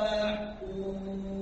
فاحكم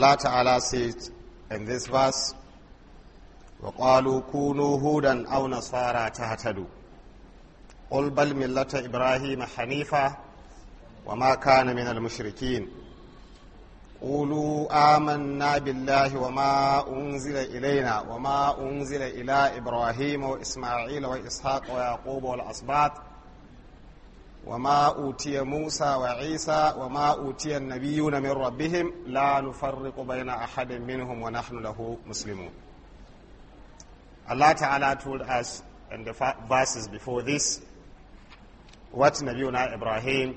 Allah Ta'ala says in this verse, وَقَالُوا كُونُوا هُودًا أَوْ نَصَارَى تَهْتَدُوا قُلْ بَلْ مِلَّةَ إِبْرَاهِيمَ حَنِيفًا وَمَا كَانَ مِنَ الْمُشْرِكِينَ قولوا آمنا بالله وما أنزل إلينا وما أنزل إلى إبراهيم وإسماعيل وإسحاق ويعقوب والأسباط وما أوتي موسى وعيسى وما أوتي النبيون من ربهم لا نفرق بين أحد منهم ونحن له مسلمون Allah Ta'ala told us in the verses before this what Nabiuna Ibrahim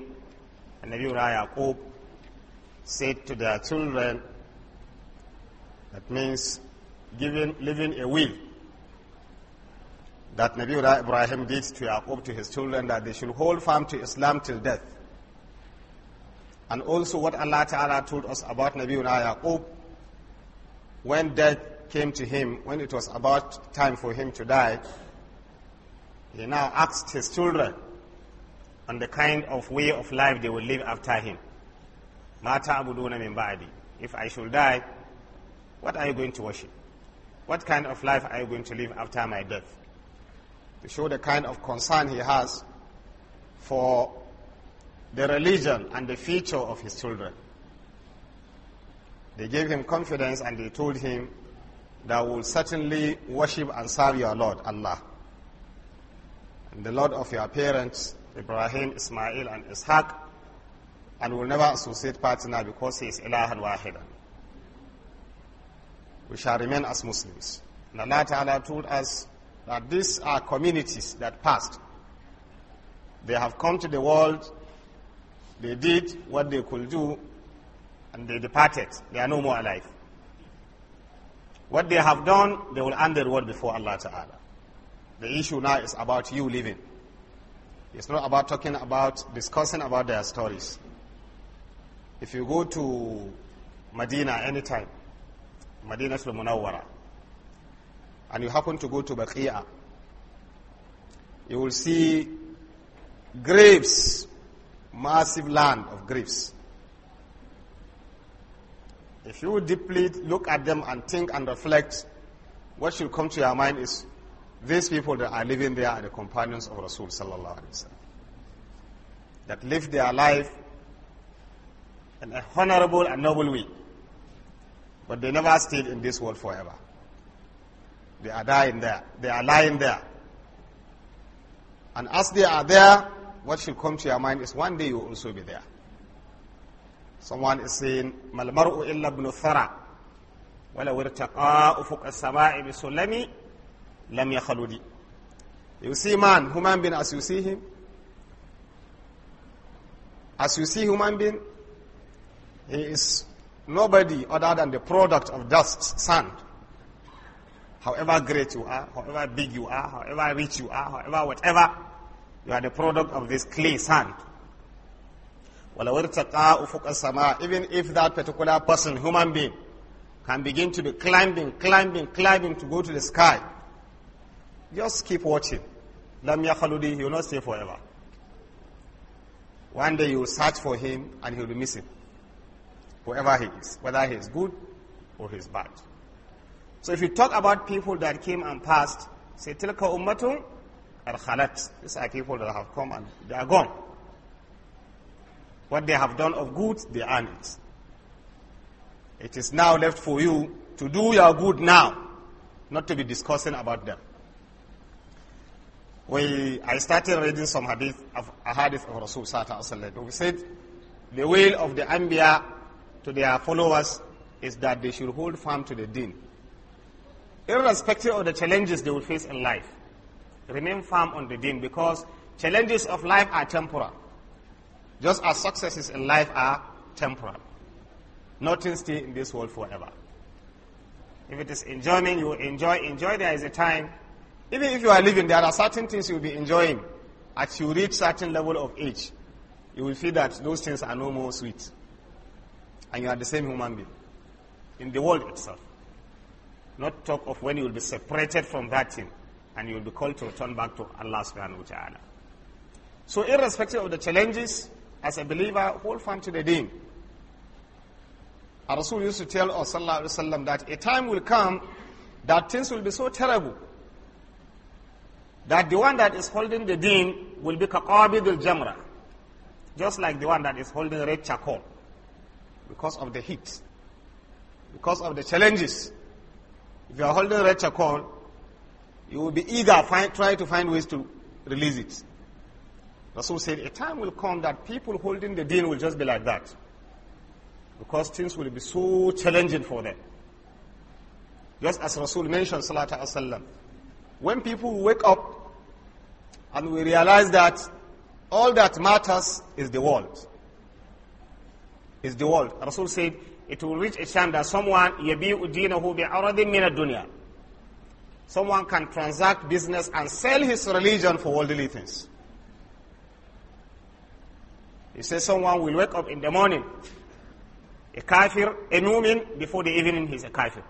and Nabiuna Yaqub said to their children. That means giving, a will that Nabi Ibrahim did to Yaqub, to his children, that they should hold firm to Islam till death. And also what Allah Ta'ala told us about Nabi Yaqub, when death came to him, when it was about time for him to die, he now asked his children on the kind of way of life they would live after him. Mata abuduna min ba'di. If I should die, what are you going to worship? What kind of life are you going to live after my death? to show the kind of concern he has for the religion and the future of his children. They gave him confidence and they told him that will certainly worship and serve your Lord, Allah. And the Lord of your parents, Ibrahim, Ismail, and Ishaq, and will never associate partner because he is Ilahan Wahidan. We shall remain as Muslims. And Allah Ta'ala told us that these are communities that passed. They have come to the world, they did what they could do, and they departed. They are no more alive. What they have done, they will end their world before Allah Ta'ala. The issue now is about you living. It's not about talking about, discussing about their stories. If you go to Medina anytime, Medina Munawwara, and you happen to go to Baqi'a, you will see grapes, massive land of grapes. If you deeply look at them and think and reflect, what should come to your mind is these people that are living there are the companions of Rasul sallallahu that live their life in a honorable and noble way, but they never stayed in this world forever. They are dying there. They are lying there. And as they are there, what should come to your mind is one day you will also be there. Someone is saying, Malmaru illa ibn thara, wala wirtaqa ufuq as-sama'i bisulami lam yakhludi. You see man, human being as you see him, as you see human being, he is nobody other than the product of dust, sand however great you are, however big you are, however rich you are, however whatever, you are the product of this clay sand. Even if that particular person, human being, can begin to be climbing, climbing, climbing to go to the sky, just keep watching. Lam yakhaludi, he will not stay forever. One day you will search for him and he will be missing. Whoever he is, whether he is good or he is bad. So if you talk about people that came and passed, say, tilka أُمَّةٌ أَرْخَلَتْ These are people that have come and they are gone. What they have done of good, they earned it. It is now left for you to do your good now, not to be discussing about them. We, I started reading some hadith of, a hadith of Rasul Sallallahu We said, the will of the Anbiya to their followers is that they should hold firm to the deen irrespective of the challenges they will face in life, remain firm on the deen because challenges of life are temporal, just as successes in life are temporal. Nothing stays in this world forever. If it is enjoyment, you will enjoy. Enjoy, there is a time. Even if you are living, there are certain things you will be enjoying. As you reach certain level of age, you will feel that those things are no more sweet. And you are the same human being in the world itself. Not talk of when you will be separated from that team, and you will be called to return back to Allah subhanahu wa ta'ala. So irrespective of the challenges, as a believer, hold firm to the deen. Our Rasul used to tell us وسلم, that a time will come that things will be so terrible that the one that is holding the deen will be kaqabid al-jamra, just like the one that is holding red charcoal because of the heat, because of the challenges. If you are holding red charcoal, you will be eager find, try to find ways to release it. Rasul said, a time will come that people holding the deen will just be like that. Because things will be so challenging for them. Just as Rasul mentioned, Salatu Wasallam, when people wake up and we realize that all that matters is the world. Is the world. Rasul said, it will reach a time that someone yabi'u dinahu already min ad-dunya. Someone can transact business and sell his religion for worldly things. He says someone will wake up in the morning, a kafir, a mu'min, before the evening he's a kafir.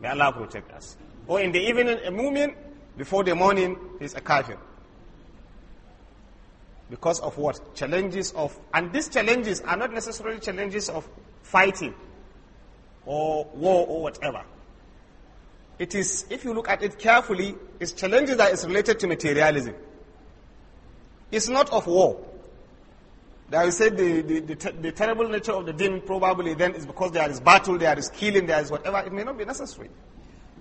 May Allah protect us. Or in the evening, a mu'min, before the morning he's a kafir. Because of what? Challenges of, and these challenges are not necessarily challenges of fighting or war or whatever. It is, if you look at it carefully, it's challenges that is related to materialism. It's not of war. That you said the, the, the, the, terrible nature of the din probably then is because there is battle, there is killing, there is whatever. It may not be necessary.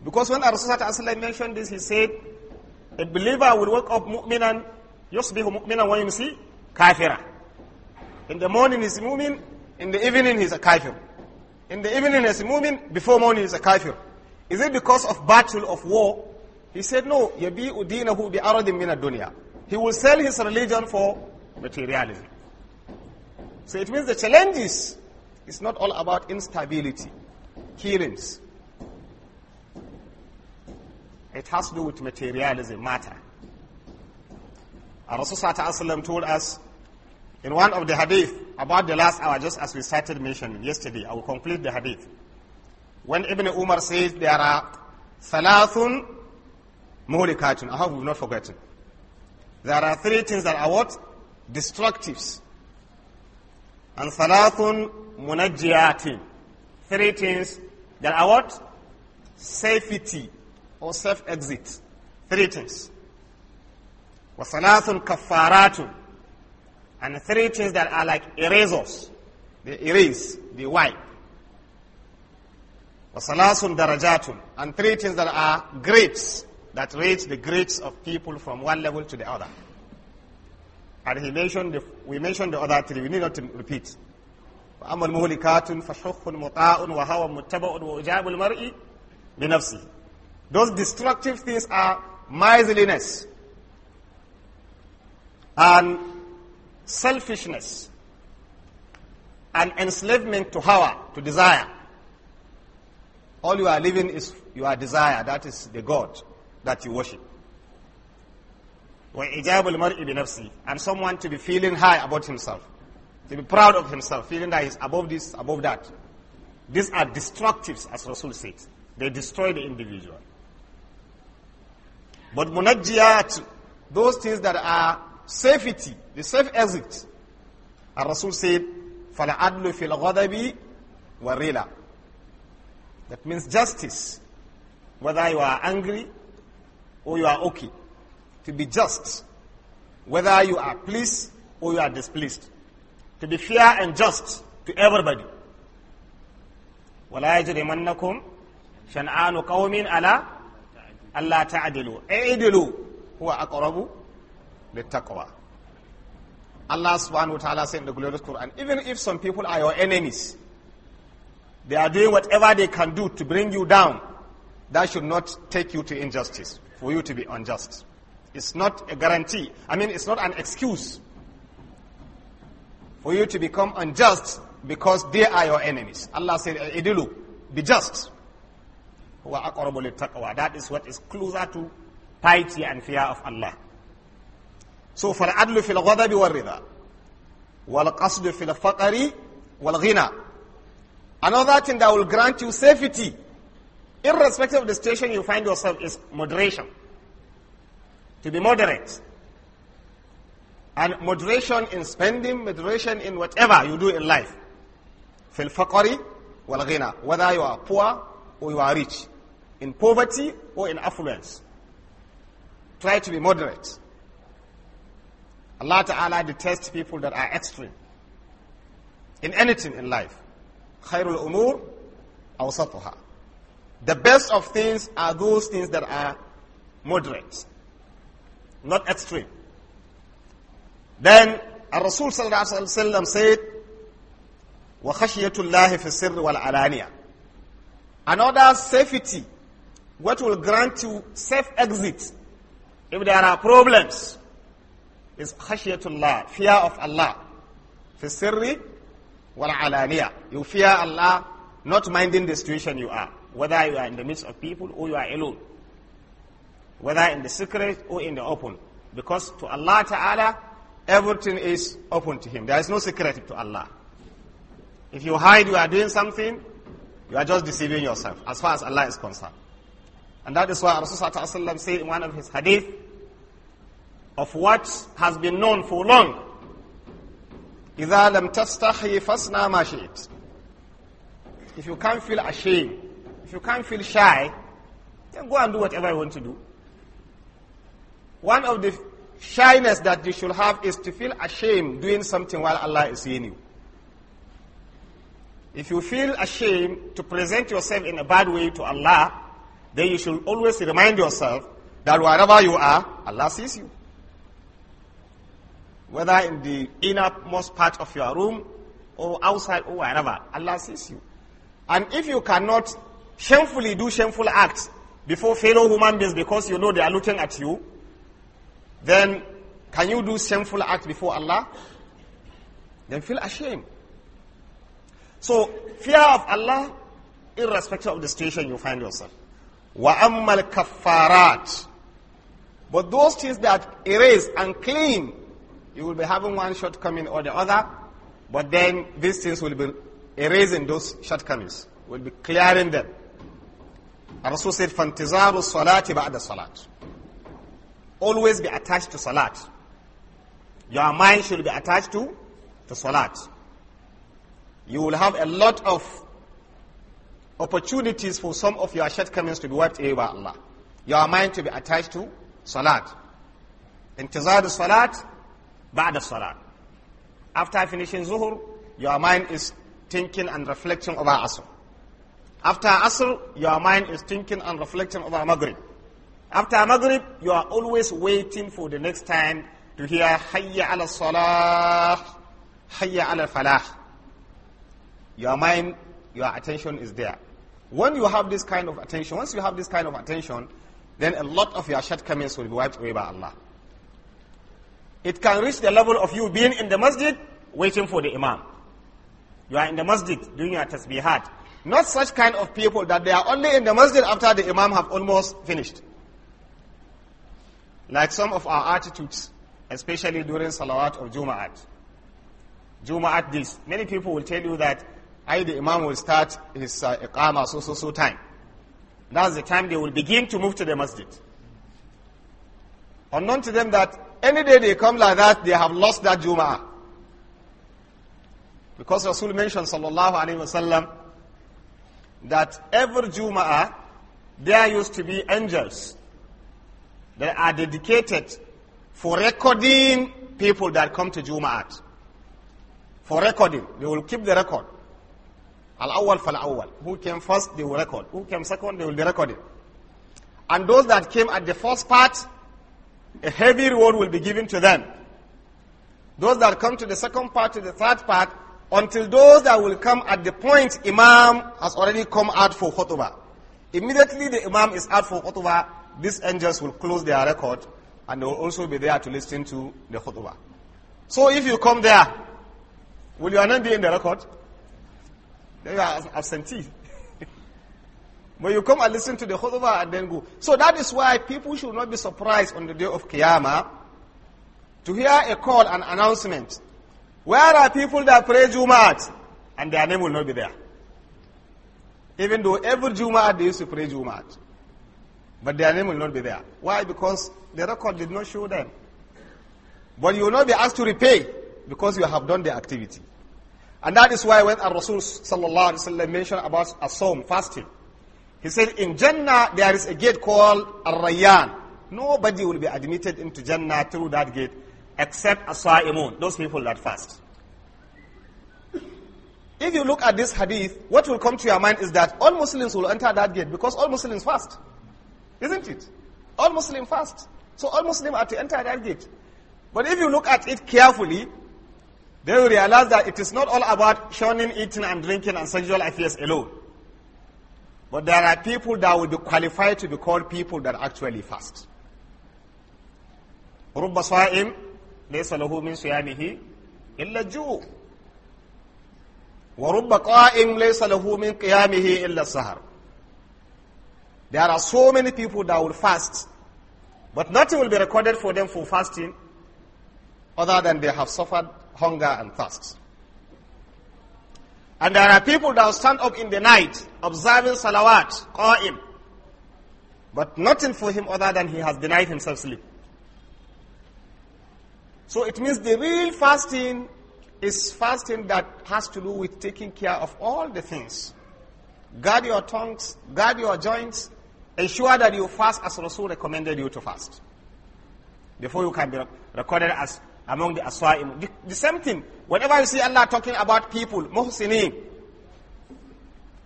Because when Rasulullah mentioned this, he said, a believer will wake up mu'minan Yusbihu mu'mina wa yumsi kafira. In the morning he's mu'min, in the evening he's a kafir. In the evening he's mu'min, before morning he's a kafir. Is it because of battle, of war? He said, no, yabi'u dinahu bi'aradin min dunya He will sell his religion for materialism. So it means the challenges is not all about instability, killings. It has to do with materialism, matter. And Rasulullah told us in one of the hadith about the last hour, just as we started mentioning yesterday, I will complete the hadith. When Ibn Umar says there are thalathun mulikatun, I hope we've not forgotten. There are three things that are what? Destructives. And thalathun munajjiatin. Three things that are what? Safety or safe exit. Three things. وَصَلَاثٌ كَفَّارَاتٌ And three things that are like erasers. They erase, they wipe. وَصَلَاثٌ دَرَجَاتٌ And three things that are grades, that raise the grades of people from one level to the other. And he mentioned, the, we mentioned the other three, we need not to repeat. وأما المهلكات فشح مطاع وهوى متبع وإجاب المرء بنفسه Those destructive things are miserliness, and selfishness and enslavement to power, to desire. All you are living is your desire. That is the God that you worship. And someone to be feeling high about himself, to be proud of himself, feeling that he's above this, above that. These are destructives, as Rasul said. They destroy the individual. But munajjiyat, those things that are safety, the safe exit. And Rasul said, فَالْعَدْلُ فِي الْغَضَبِ وَالرِّلَى That means justice. Whether you are angry or you are okay. To be just. Whether you are pleased or you are displeased. To be fair and just to everybody. وَلَا يَجْرِمَنَّكُمْ شَنْعَانُ قَوْمٍ أَلَا أَلَّا تَعْدِلُوا اعْدِلُوا هُوَ أَقْرَبُ littaqwa. Allah subhanahu wa said in the glorious Quran, even if some people are your enemies, they are doing whatever they can do to bring you down, that should not take you to injustice, for you to be unjust. It's not a guarantee. I mean, it's not an excuse for you to become unjust because they are your enemies. Allah said, be just. That is what is closer to piety and fear of Allah. So فالعدل في الغضب والرضا والقصد في الفقر والغنى Another thing that will grant you safety, irrespective of the station you find yourself, is moderation. To be moderate. And moderation in spending, moderation in whatever you do in life. في الفقر والغنى Whether you are poor or you are rich. In poverty or in affluence. Try to be moderate. Allah Ta'ala detests people that are extreme in anything in life. Khairul umur awsatuha. The best of things are those things that are moderate, not extreme. Then Rasul Sallallahu Alaihi Wasallam said, وَخَشْيَةُ اللَّهِ فِي السِّرِّ وَالْعَلَانِيَةِ Another safety, what will grant you safe exit if there are problems is khashiyatullah, fear of Allah. Fisirri wal alaniya. You fear Allah, not minding the situation you are, whether you are in the midst of people or you are alone, whether in the secret or in the open. Because to Allah Ta'ala, everything is open to Him. There is no secret to Allah. If you hide, you are doing something, you are just deceiving yourself, as far as Allah is concerned. And that is why Rasulullah said in one of his hadith, of what has been known for long. إِذَا لَمْ تَسْتَحْيِ فَاسْنَا مَا If you can't feel ashamed, if you can't feel shy, then go and do whatever you want to do. One of the shyness that you should have is to feel ashamed doing something while Allah is seeing you. If you feel ashamed to present yourself in a bad way to Allah, then you should always remind yourself that wherever you are, Allah sees you whether in the innermost part of your room or outside or wherever. Allah sees you. And if you cannot shamefully do shameful acts before fellow human beings because you know they are looking at you, then can you do shameful acts before Allah? Then feel ashamed. So, fear of Allah, irrespective of the situation you find yourself. وَأَمَّا الْكَفَّارَاتِ But those things that erase and clean you will be having one shortcoming or the other, but then these things will be erasing those shortcomings, will be clearing them. Rasul said, فَانْتِظَارُ الصَّلَاةِ بَعْدَ الصَّلَاةِ Always be attached to salat. Your mind should be attached to, to salat. You will have a lot of opportunities for some of your shortcomings to be wiped away by Allah. Your mind to be attached to salat. انتظار salat. Ba'da Salah. After finishing Zuhur, your mind is thinking and reflecting over Asr. After Asr, your mind is thinking and reflecting over Maghrib. After Maghrib, you are always waiting for the next time to hear Hayya ala Salah, Hayya ala Falah. Your mind, your attention is there. When you have this kind of attention, once you have this kind of attention, then a lot of your shortcomings will be wiped away by Allah. It can reach the level of you being in the masjid, waiting for the imam. You are in the masjid doing your tasbihat. Not such kind of people that they are only in the masjid after the imam have almost finished. Like some of our attitudes, especially during salawat or Juma'at. Juma'at this. Many people will tell you that I, the imam will start his uh, iqama so, so, so time. That's the time they will begin to move to the masjid. Unknown to them that any day they come like that, they have lost that Jum'ah. Because Rasul mentioned, sallallahu alayhi wasallam, that every Jum'ah, there used to be angels that are dedicated for recording people that come to Juma. For recording, they will keep the record. Al-awwal fal-awwal. Who came first, they will record. Who came second, they will be recording. And those that came at the first part, a heavy reward will be given to them. Those that come to the second part, to the third part, until those that will come at the point Imam has already come out for khutbah. Immediately the Imam is out for khutbah, these angels will close their record and they will also be there to listen to the khutbah. So if you come there, will your name be in the record? Then you are absentee. But you come and listen to the khutbah and then go. So that is why people should not be surprised on the day of Qiyamah to hear a call, an announcement. Where are people that pray Jum'ah, And their name will not be there. Even though every Jum'ah they used to pray Jum'ah, But their name will not be there. Why? Because the record did not show them. But you will not be asked to repay because you have done the activity. And that is why when Rasul sallallahu alayhi wa sallam mentioned about a psalm, fasting, he said, in Jannah, there is a gate called Ar-Rayyan. Nobody will be admitted into Jannah through that gate except As-Sa'imun, those people that fast. If you look at this hadith, what will come to your mind is that all Muslims will enter that gate because all Muslims fast. Isn't it? All Muslims fast. So all Muslims are to enter that gate. But if you look at it carefully, they will realize that it is not all about shunning, eating and drinking and sexual affairs alone. But there are people that would be qualified to be called people that actually fast. رب صائم ليس له من صيامه إلا الجوع ورب قائم ليس له من قيامه إلا السهر There are so many people that will fast, but nothing will be recorded for them for fasting other than they have suffered hunger and thirst. And there are people that will stand up in the night observing salawat, qa'im. But nothing for him other than he has denied himself sleep. So it means the real fasting is fasting that has to do with taking care of all the things. Guard your tongues, guard your joints, ensure that you fast as Rasul recommended you to fast. Before you can be recorded as among the aswa'im. The, the, same thing, whenever you see Allah talking about people, muhsinin,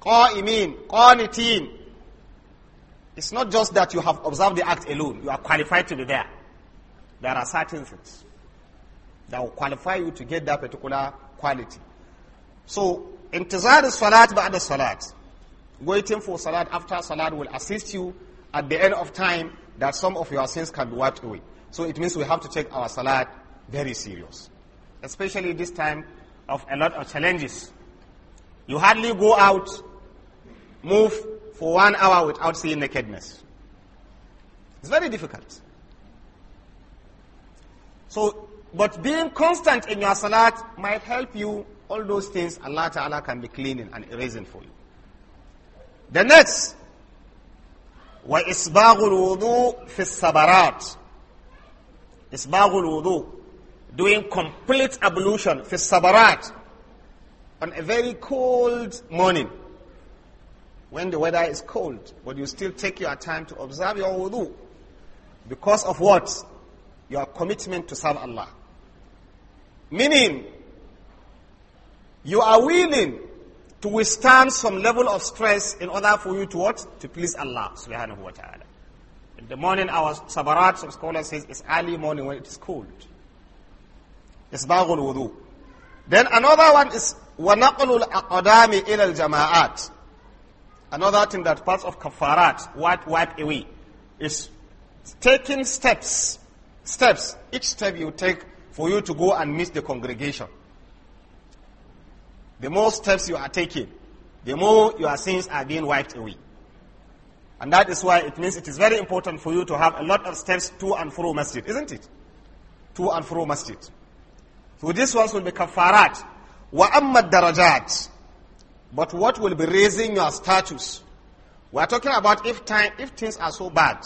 qa'imin, qanitin, it's not just that you have observed the act alone, you are qualified to be there. There are certain things that will qualify you to get that particular quality. So, intizar salat ba'da salat. Waiting for salat after salat will assist you at the end of time that some of your sins can be wiped away. So it means we have to take our salat very serious. Especially this time of a lot of challenges. You hardly go out, move for one hour without seeing nakedness. It's very difficult. So, but being constant in your salat might help you. All those things Allah Ta'ala can be cleaning and erasing for you. The next, وَإِسْبَاغُ الْوُضُوءِ فِي السَّبَرَاتِ إِسْبَاغُ الْوُضُوءِ doing complete ablution for Sabarat on a very cold morning when the weather is cold, but you still take your time to observe your wudu because of what? Your commitment to serve Allah. Meaning, you are willing to withstand some level of stress in order for you to what? To please Allah subhanahu wa ta'ala. In the morning, our sabarat, some scholars says, is early morning when it is cold. Isbaghul wudu. Then another one is وَنَقْلُ الْأَقْدَامِ إِلَى الْجَمَاعَاتِ Another thing that parts of kafarat wipe, wipe away is taking steps, steps, each step you take for you to go and meet the congregation. The more steps you are taking, the more your sins are being wiped away. And that is why it means it is very important for you to have a lot of steps to and fro masjid, isn't it? To and fro masjid. So these ones will be kafarat. Wa ammad darajat. But what will be raising your status? We are talking about if time, if things are so bad.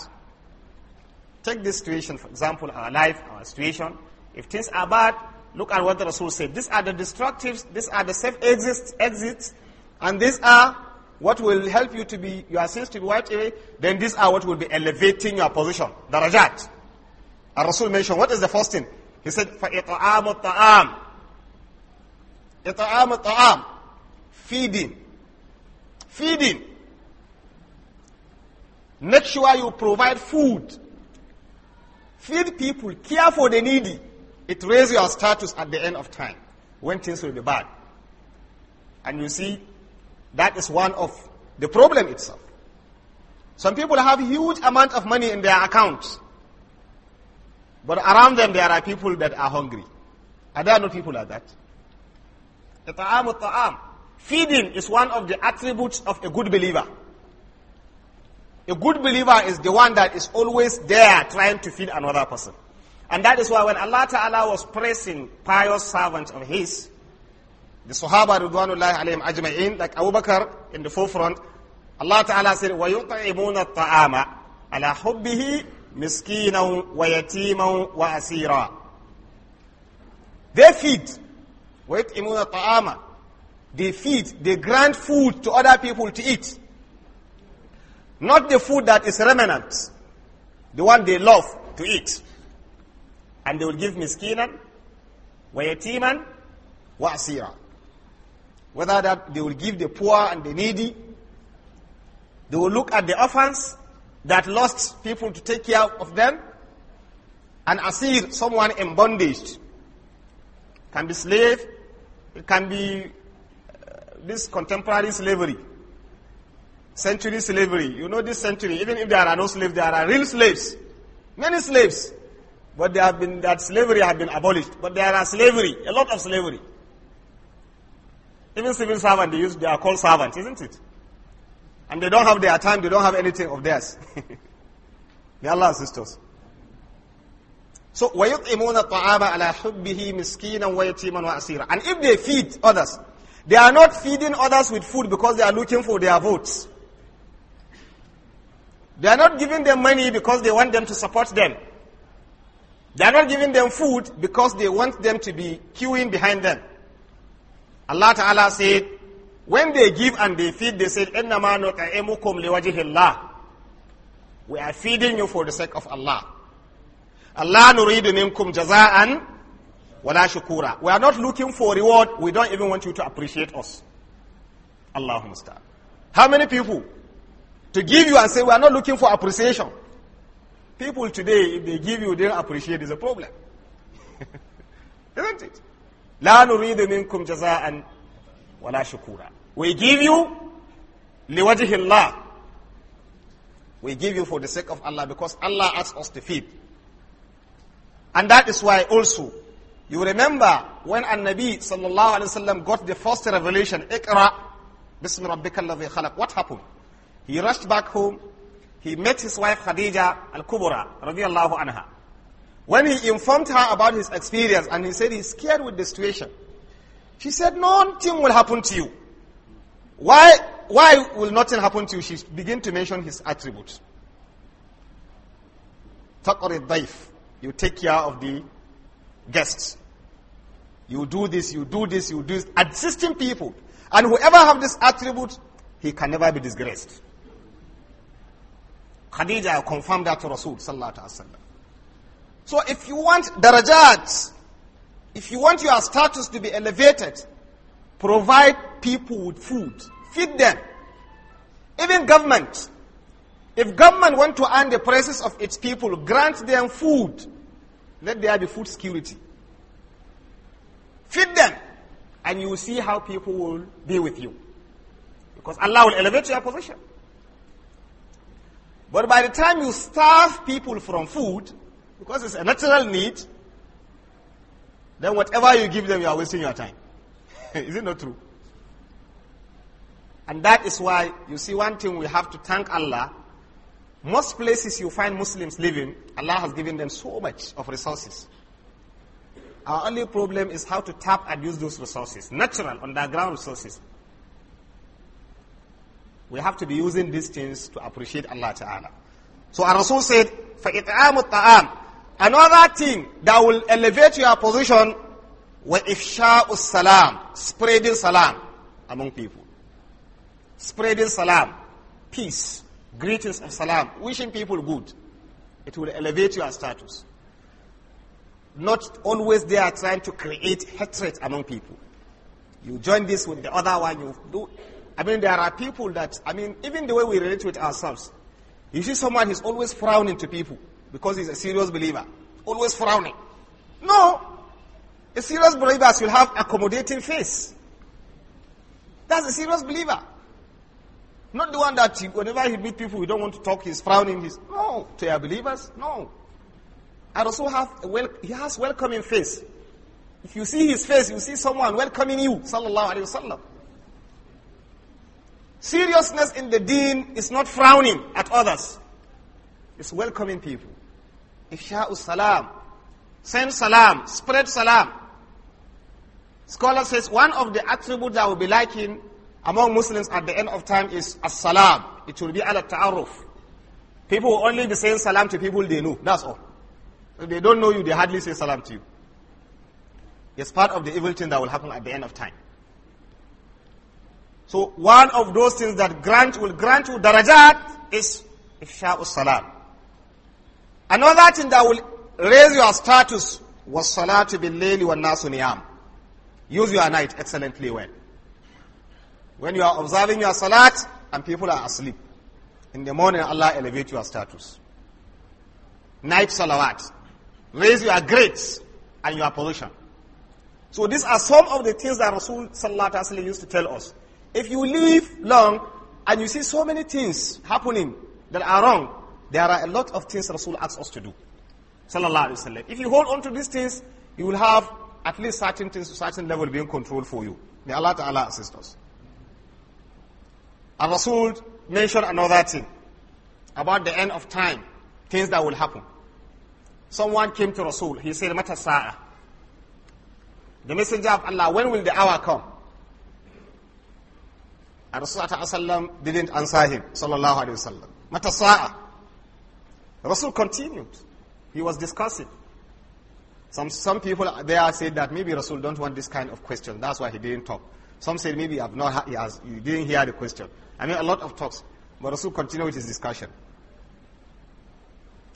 Take this situation, for example, our life, our situation. If things are bad, look at what the Rasul said. These are the destructives, these are the safe exits, exits, and these are what will help you to be, your sins to be wiped away. Then these are what will be elevating your position. Darajat. Our Rasul mentioned, what is the first thing? He said, فَإِطْعَامُ الطَّعَامُ إِطْعَامُ الطَّعَامُ Feeding. Feeding. Make sure you provide food. Feed people. Care for the needy. It raises your status at the end of time when things will be bad. And you see, that is one of the problem itself. Some people have huge amount of money in their accounts. But around them, there are people that are hungry. and there are no people like that? ta'am. Feeding is one of the attributes of a good believer. A good believer is the one that is always there trying to feed another person. And that is why when Allah Ta'ala was praising pious servants of His, the Sahaba Ridwanullah alayhim ajma'in, like Abu Bakr in the forefront, Allah Ta'ala said, وَيُطْعِمُونَ الطَّعَامَ عَلَى حُبِّهِ مسكينا ويتيما وأسيرا They feed. وَيَتْئِمُونَ طَعَامًا They feed, they grant food to other people to eat. Not the food that is remnant. The one they love to eat. And they will give miskinan, wa asira Whether that they will give the poor and the needy, they will look at the orphans, that lost people to take care of them, and asir, someone in bondage. Can be slave, it can be uh, this contemporary slavery, century slavery. You know this century, even if there are no slaves, there are real slaves, many slaves. But there have been, that slavery has been abolished. But there are slavery, a lot of slavery. Even civil servants, they, use, they are called servants, isn't it? And they don't have their time, they don't have anything of theirs. May Allah assist us. So, وَيُطْعِمُونَ الطَّعَامَ عَلَى حُبِّهِ مِسْكِينًا وَيَتِيمًا وَأَسِيرًا And if they feed others, they are not feeding others with food because they are looking for their votes. They are not giving them money because they want them to support them. They are not giving them food because they want them to be queuing behind them. Allah Ta'ala said, when they give and they feed, they said, Ennama nut'imukum liwajihillah. We are feeding you for the sake of Allah. Allah nuridu minkum jaza'an wala shukura. We are not looking for reward. We don't even want you to appreciate us. Allahumma star. How many people to give you and say, we are not looking for appreciation? People today, if they give you, they don't appreciate is a problem. Isn't it? لا نريد منكم jaza'an, wala shukura. We give you liwajihillah. We give you for the sake of Allah because Allah asks us to feed. And that is why also, you remember when An-Nabi sallallahu alayhi wasallam got the first revelation, Iqra, Bismi khalaq. What happened? He rushed back home. He met his wife Khadija al-Kubra, radiyallahu anha. When he informed her about his experience and he said he's scared with the situation, she said, nothing will happen to you. Why, why will nothing happen to you? She begin to mention his attributes. Taqri daif. You take care of the guests. You do this, you do this, you do this. Assisting people. And whoever have this attribute, he can never be disgraced. Khadija confirmed that to Rasul So if you want darajat, if you want your status to be elevated, Provide people with food. Feed them. Even government. If government want to earn the praises of its people, grant them food. Let there be food security. Feed them. And you will see how people will be with you. Because Allah will elevate your position. But by the time you starve people from food, because it's a natural need, then whatever you give them, you are wasting your time. is it not true? And that is why, you see, one thing we have to thank Allah. Most places you find Muslims living, Allah has given them so much of resources. Our only problem is how to tap and use those resources, natural, underground resources. We have to be using these things to appreciate Allah Ta'ala. So our Rasul said, فَإِطْعَامُ الطَّعَامِ Another thing that will elevate your position Wa ifsha'us salam, spreading salam among people. Spreading salam, peace, greetings of salam, wishing people good. It will elevate your status. Not always they are trying to create hatred among people. You join this with the other one, you do. I mean, there are people that, I mean, even the way we relate with ourselves. You see someone, he's always frowning to people because he's a serious believer. Always frowning. No, a serious believer will have accommodating face. That's a serious believer. Not the one that whenever he meets people, we don't want to talk, he's frowning. He's, no, to our believers, no. And also have a well, he has welcoming face. If you see his face, you see someone welcoming you, sallallahu alayhi wasallam. Seriousness in the deen is not frowning at others. It's welcoming people. Ifsha'us salam. Send salam. Spread salam. Scholar says one of the attributes that will be lacking among Muslims at the end of time is as-salam. It will be al-ta'aruf. People will only be saying salam to people they know. That's all. If they don't know you, they hardly say salam to you. It's part of the evil thing that will happen at the end of time. So one of those things that grant will grant you darajat is ifsha'us salam. Another thing that will raise your status was salatu bil-layli wa nasu niyam Use your night excellently well. When you are observing your salat and people are asleep, in the morning Allah elevate your status. Night salawat. Raise your grades and your position. So these are some of the things that Rasul Sallallahu Alaihi Wasallam used to tell us. If you live long and you see so many things happening that are wrong, there are a lot of things Rasul asks us to do. Sallallahu Alaihi Wasallam. If you hold on to these things, you will have at least certain things to certain level being controlled for you. May Allah Ta'ala assist us. And Rasul mentioned another thing about the end of time, things that will happen. Someone came to Rasul. He said, Mata sa'a. The messenger of Allah, when will the hour come? And Rasul didn't answer him. Sallallahu alayhi wa sallam. Mata sa'a. Rasul continued. He was discussing. Some, some people there said that maybe Rasul don't want this kind of question. That's why he didn't talk. Some said maybe I've not, he has, you didn't hear the question. I mean, a lot of talks. But Rasul continued with his discussion.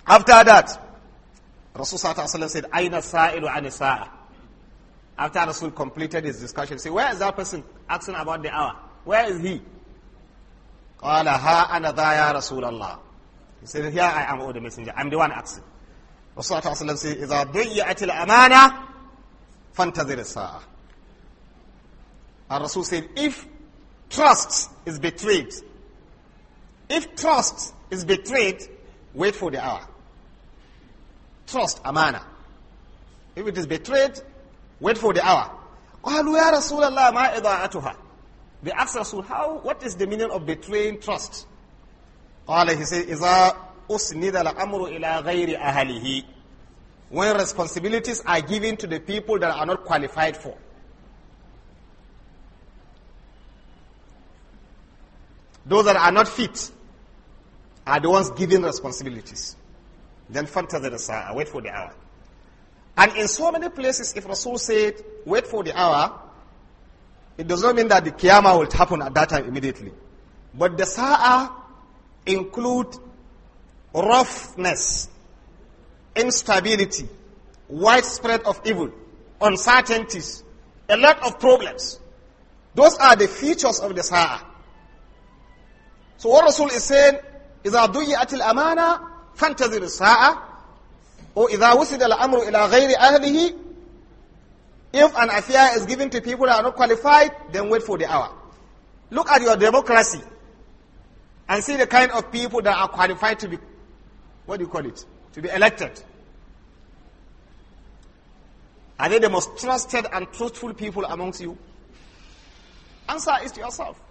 After that, Rasul said, Aina sa'ilu an sa'a. After Rasul completed his discussion, he said, where is that person asking about the hour? Where is he? قال ha anadha ذا يا He said, here I am, O the messenger. I'm the one asking. Rasulullah sallallahu says, إِذَا ضُيِّعَتِ الْأَمَانَةِ فَانْتَظِرِ السَّاعَةِ And Rasul said, if trust is betrayed, if trust is betrayed, wait for the hour. Trust, amana. If it is betrayed, wait for the hour. The يا رسول الله They asked Rasul, how, what is the meaning of betraying trust? قال, he said, usnid al-amru ila ghairi ahlihi. When responsibilities are given to the people that are not qualified for. Those that are not fit are the ones given responsibilities. Then fantazir sa'a, wait for the hour. And in so many places, if Rasul said, wait for the hour, it does not mean that the kiyama will happen at that time immediately. But the Sa'ah include roughness, instability, widespread of evil, uncertainties, a lot of problems. Those are the features of the Sa'ah. So what Rasul is saying, إِذَا دُيِّئَتِ الْأَمَانَةِ فَانْتَذِرِ السَّاعَةِ Or إِذَا وُسِدَ الْأَمْرُ إِلَى غَيْرِ أَهْلِهِ If an affair is given to people that are not qualified, then wait for the hour. Look at your democracy and see the kind of people that are qualified to be what do you call it? To be elected. Are they the most trusted and truthful people amongst you? Answer is to yourself.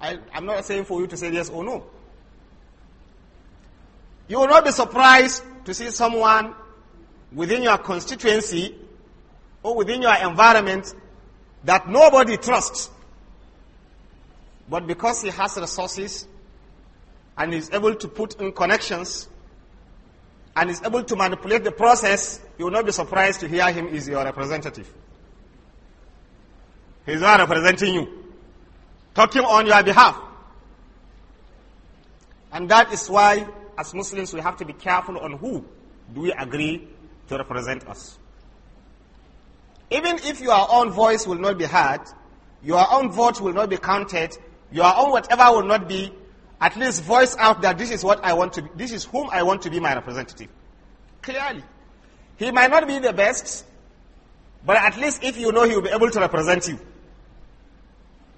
I, am not saying for you to say yes or no. You will not be surprised to see someone within your constituency or within your environment that nobody trusts. But because he has resources and is able to put in connections, and is able to manipulate the process, you will not be surprised to hear him is your representative. He is not representing you, talking on your behalf. And that is why, as Muslims, we have to be careful on who do we agree to represent us. Even if your own voice will not be heard, your own vote will not be counted, your own whatever will not be at least voice out that this is what I want to be, this is whom I want to be my representative. Clearly. He might not be the best, but at least if you know he will be able to represent you.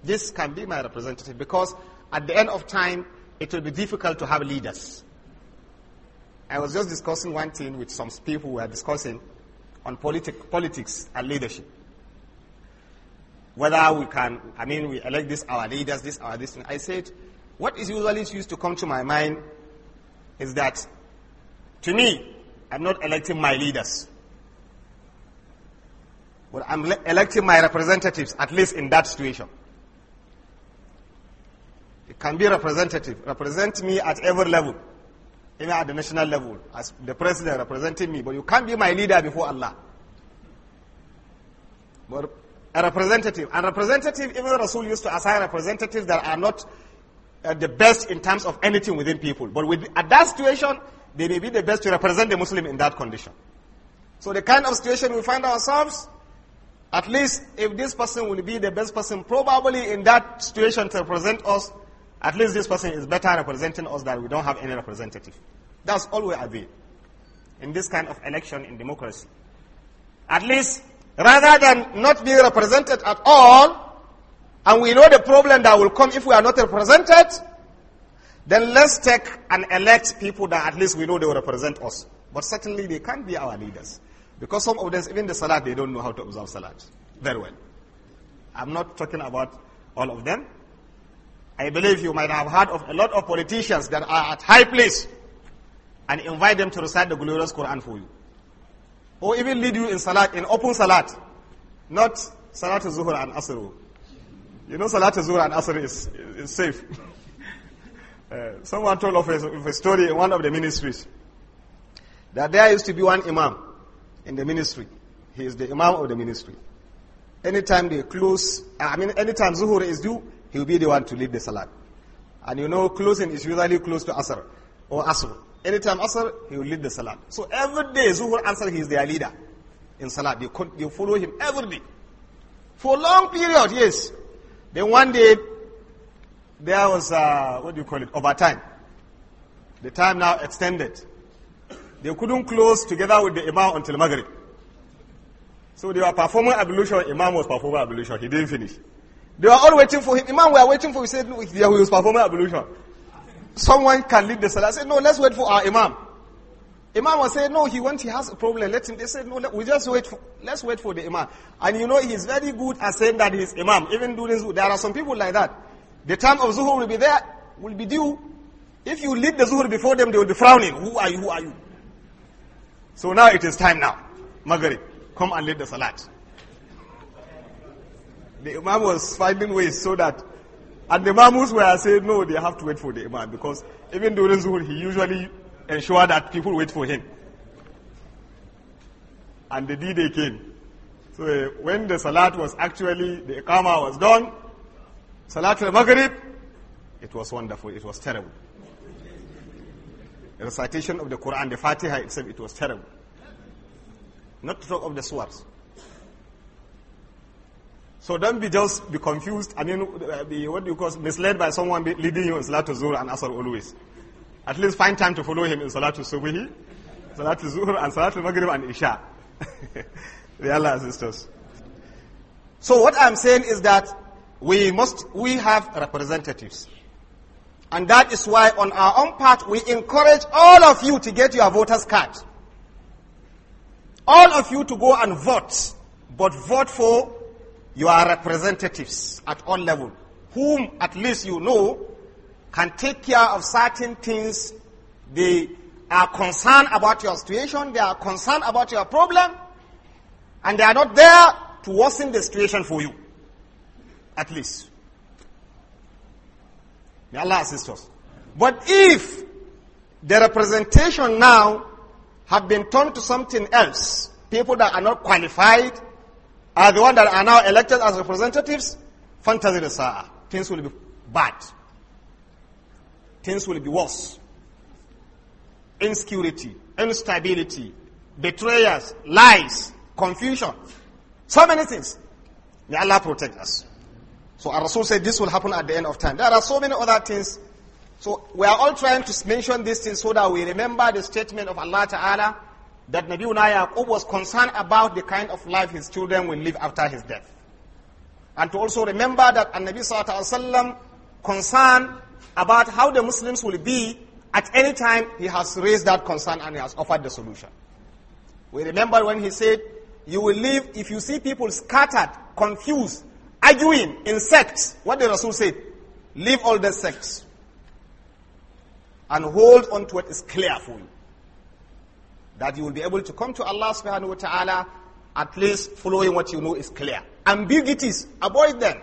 This can be my representative because at the end of time, it will be difficult to have leaders. I was just discussing one thing with some people who were discussing on politic, politics and leadership. Whether we can, I mean, we elect this our leaders, this our this. I said, what is usually used to come to my mind is that, to me, I'm not electing my leaders. But I'm electing my representatives, at least in that situation. It can be representative. Represent me at every level, even at the national level, as the president representing me. But you can't be my leader before Allah. But a representative. And representative, even Rasul used to assign representatives that are not uh, the best in terms of anything within people. But with, at that situation, they may be the best to represent the Muslim in that condition. So the kind of situation we find ourselves, at least if this person will be the best person probably in that situation to represent us, at least this person is better representing us that we don't have any representative. That's all we agree in this kind of election in democracy. At least, rather than not being represented at all, and we know the problem that will come if we are not represented, then let's take and elect people that at least we know they will represent us. But certainly they can't be our leaders. Because some of them, even the Salat, they don't know how to observe Salat very well. I'm not talking about all of them. I believe you might have heard of a lot of politicians that are at high place and invite them to recite the glorious Quran for you. Or even lead you in Salat, in open Salat, not Salat al-Zuhur and Asr. You know, Salat Zuhr and Asr is, is safe. uh, someone told of a, of a story in one of the ministries that there used to be one imam in the ministry. He is the imam of the ministry. Anytime they close, I mean, anytime Zuhur is due, he will be the one to lead the Salat. And you know, closing is usually close to Asr or Asr. Anytime Asr, he will lead the Salat. So every day, Zuhur Asr, he is their leader in Salat. You you follow him every day. For a long period, yes. Then one day, there was, uh, what do you call it, overtime. The time now extended. They couldn't close together with the Imam until Maghrib. So they were performing ablution, Imam was performing ablution, he didn't finish. They were all waiting for him. Imam are waiting for him, he said, no, he was performing ablution. Someone can lead the salah. I said, no, let's wait for our Imam. Imam was saying, no, he went, he has a problem. Let him. They said, no, let, we just wait. For, let's wait for the Imam. And you know, he's very good at saying that he's Imam. Even during Zuhur, there are some people like that. The time of Zuhur will be there, will be due. If you lead the Zuhur before them, they will be frowning. Who are you? Who are you? So now it is time now. Maghrib, come and lead the Salat. The Imam was finding ways so that, and the Imams were saying, no, they have to wait for the Imam because even during Zuhur, he usually ensure that people wait for him. And the did. They came. So uh, when the Salat was actually, the Iqama was done, Salat al-Maghrib, it was wonderful, it was terrible. The recitation of the Quran, the Fatiha itself, it was terrible. Not to talk of the swabs. So don't be just be confused. I mean, uh, be, what do you call misled by someone leading you in Salatul Zuhr and Asr always. At least find time to follow him in Salatul Subuhi, Salatul Zuhr, and Salatul Maghrib and Isha. The Allah sisters. So what I'm saying is that we must, we have representatives. And that is why on our own part, we encourage all of you to get your voter's card. All of you to go and vote, but vote for your representatives at all level, whom at least you know can take care of certain things. They are concerned about your situation, they are concerned about your problem, and they are not there to worsen the situation for you. At least. May Allah assist us. But if the representation now have been turned to something else, people that are not qualified are the ones that are now elected as representatives, fantasy the things will be bad things will be worse. Insecurity, instability, betrayers, lies, confusion. So many things. May Allah protect us. So our Rasul said this will happen at the end of time. There are so many other things. So we are all trying to mention these things so that we remember the statement of Allah Ta'ala that Nabi Yaqub was concerned about the kind of life his children will live after his death. And to also remember that An-Nabi Sallallahu Alaihi Wasallam concerned about how the Muslims will be at any time, he has raised that concern and he has offered the solution. We remember when he said, you will live if you see people scattered, confused, arguing in sects. What the Rasul say? Leave all the sects and hold on to what is clear for you. That you will be able to come to Allah subhanahu wa ta'ala at least following what you know is clear. Ambiguities, avoid them.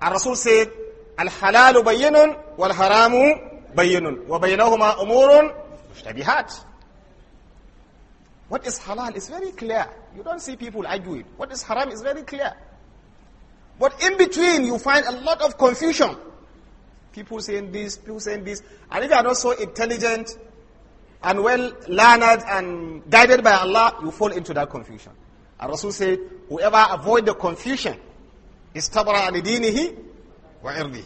And Rasul said, الحلال بين والحرام بين وبينهما أمور مشتبهات What is halal is very clear. You don't see people arguing. What is haram is very clear. But in between, you find a lot of confusion. People saying this, people saying this. And if you are not so intelligent and well learned and guided by Allah, you fall into that confusion. And Rasul said, whoever avoid the confusion, tabara al-dinihi وعرضه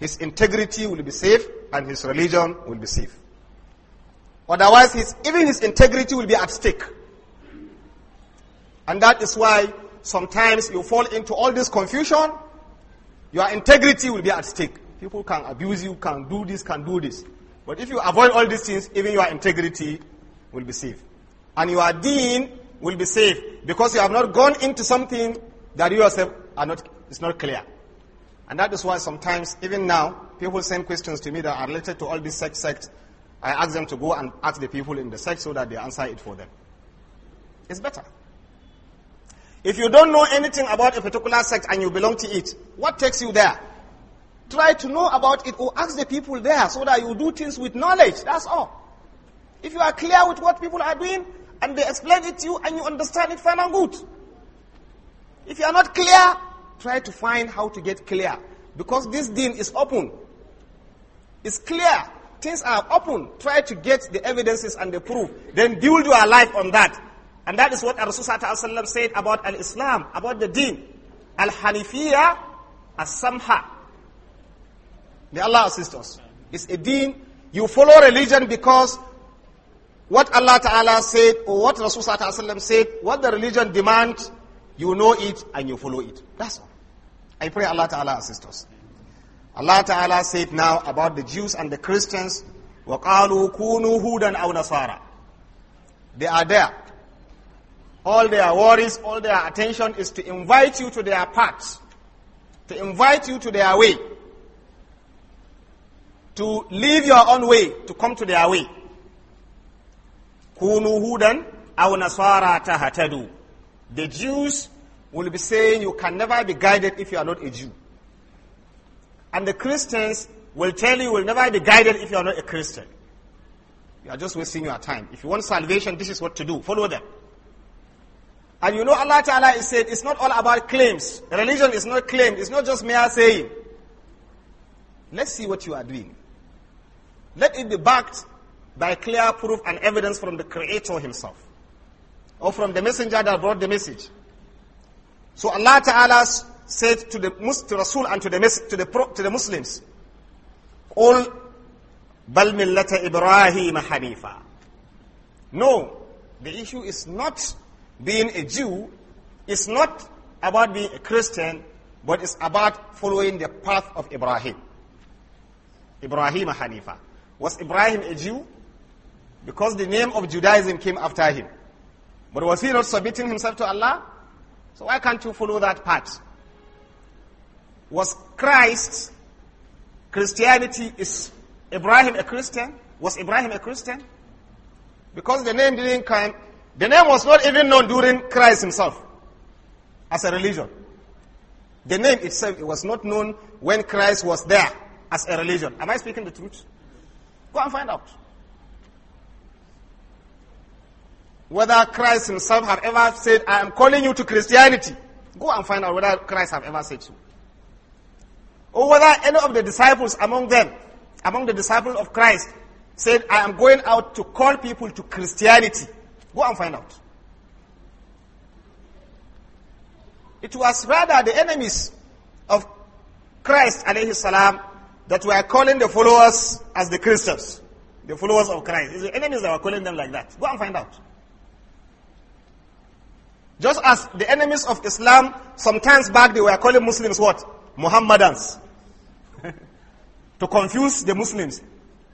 his integrity will be safe and his religion will be safe otherwise his, even his integrity will be at stake and that is why sometimes you fall into all this confusion your integrity will be at stake people can abuse you can do this can do this but if you avoid all these things even your integrity will be safe and your deen will be safe because you have not gone into something that you yourself are not It's not clear and that is why sometimes, even now, people send questions to me that are related to all these sex sects. I ask them to go and ask the people in the sect so that they answer it for them. It's better. If you don't know anything about a particular sect and you belong to it, what takes you there? Try to know about it or ask the people there so that you do things with knowledge. That's all. If you are clear with what people are doing and they explain it to you and you understand it fine and good. If you are not clear, Try to find how to get clear. Because this deen is open. It's clear. Things are open. Try to get the evidences and the proof. Then build your life on that. And that is what Rasulullah said about al-Islam, about the deen. Al-Hanifiyya as-Samha. May Allah assist us. It's a deen. You follow religion because what Allah Ta'ala said or what Rasulullah said, what the religion demands, you know it and you follow it. That's all. I pray Allah Ta'ala assist us. Allah Ta'ala said now about the Jews and the Christians, وَقَالُوا كُونُوا هُودًا أَوْ نَصَارًا They are there. All their worries, all their attention is to invite you to their paths, to invite you to their way, to leave your own way, to come to their way. كُونُوا هُودًا أَوْ نَصَارًا تَهْتَدُوا the Jews will be saying you can never be guided if you are not a Jew. And the Christians will tell you you will never be guided if you are not a Christian. You are just wasting your time. If you want salvation, this is what to do. Follow them. And you know Allah Ta'ala is said it's not all about claims. Religion is not claim. It's not just mere saying. Let's see what you are doing. Let it be backed by clear proof and evidence from the Creator himself or from the messenger that brought the message. So Allah Ta'ala said to the to Rasul and to the, to the, to the Muslims, all bal millata Ibrahim hanifa. No, the issue is not being a Jew, it's not about being a Christian, but it's about following the path of Ibrahim. Ibrahim Hanifa. Was Ibrahim a Jew? Because the name of Judaism came after him. But was he not submitting himself to Allah? So why can't you follow that path? Was Christ, Christianity, is Ibrahim a Christian? Was Ibrahim a Christian? Because the name didn't come, the name was not even known during Christ himself as a religion. The name itself it was not known when Christ was there as a religion. Am I speaking the truth? Go and find out. whether Christ himself had ever said, I am calling you to Christianity. Go and find out whether Christ have ever said so. Or whether any of the disciples among them, among the disciples of Christ, said, I am going out to call people to Christianity. Go and find out. It was rather the enemies of Christ alayhi salam that were calling the followers as the Christians. The followers of Christ. It's the enemies that were calling them like that. Go and find out. Just as the enemies of Islam, sometimes back they were calling Muslims what? Muhammadans. to confuse the Muslims.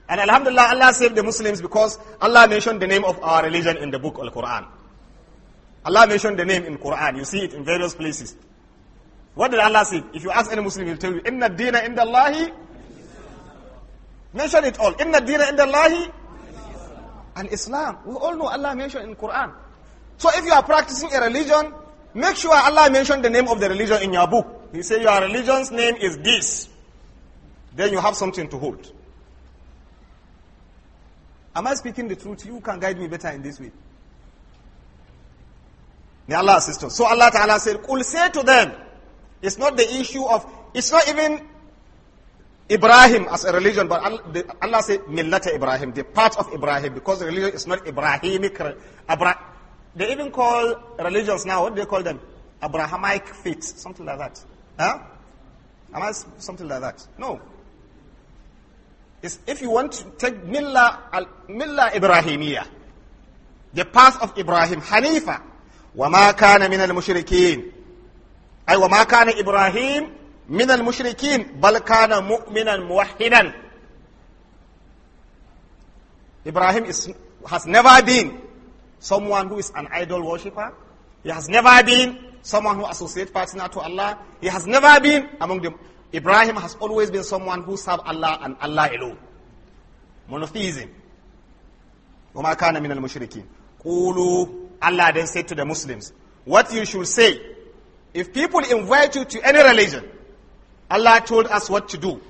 And Alhamdulillah, Allah saved the Muslims because Allah mentioned the name of our religion in the book Al-Quran. Allah mentioned the name in Quran. You see it in various places. What did Allah say? If you ask any Muslim, he'll tell you, Inna dina inda Allahi. Mention it all. Inna dina inda Allahi. And Islam. We all know Allah mentioned in Quran. So if you are practicing a religion, make sure Allah mentioned the name of the religion in your book. He say your religion's name is this. Then you have something to hold. Am I speaking the truth? You can guide me better in this way. May Allah assist us. So Allah Ta'ala said, "Will say to them, it's not the issue of, it's not even Ibrahim as a religion, but Allah, Allah said, Millata Ibrahim, the part of Ibrahim, because religion is not Ibrahimic, they even call religions now, what do they call them? Abrahamic faith, something like that. Huh? Am I something like that? No. It's if you want to take Mila, al, Ibrahimiyah, the path of Ibrahim, Hanifa, وَمَا كَانَ مِنَ الْمُشْرِكِينَ أي وَمَا كَانَ إِبْرَاهِيمُ مِنَ الْمُشْرِكِينَ بَلْ كَانَ مُؤْمِنًا مُوَحِّدًا Ibrahim is, has never been someone who is an idol worshipper. He has never been someone who associates partner to Allah. He has never been among them. Ibrahim has always been someone who served Allah and Allah alone. Monotheism. وَمَا كَانَ مِنَ الْمُشْرِكِينَ قُولُوا Allah then said to the Muslims, what you should say, if people invite you to any religion, Allah told us what to do.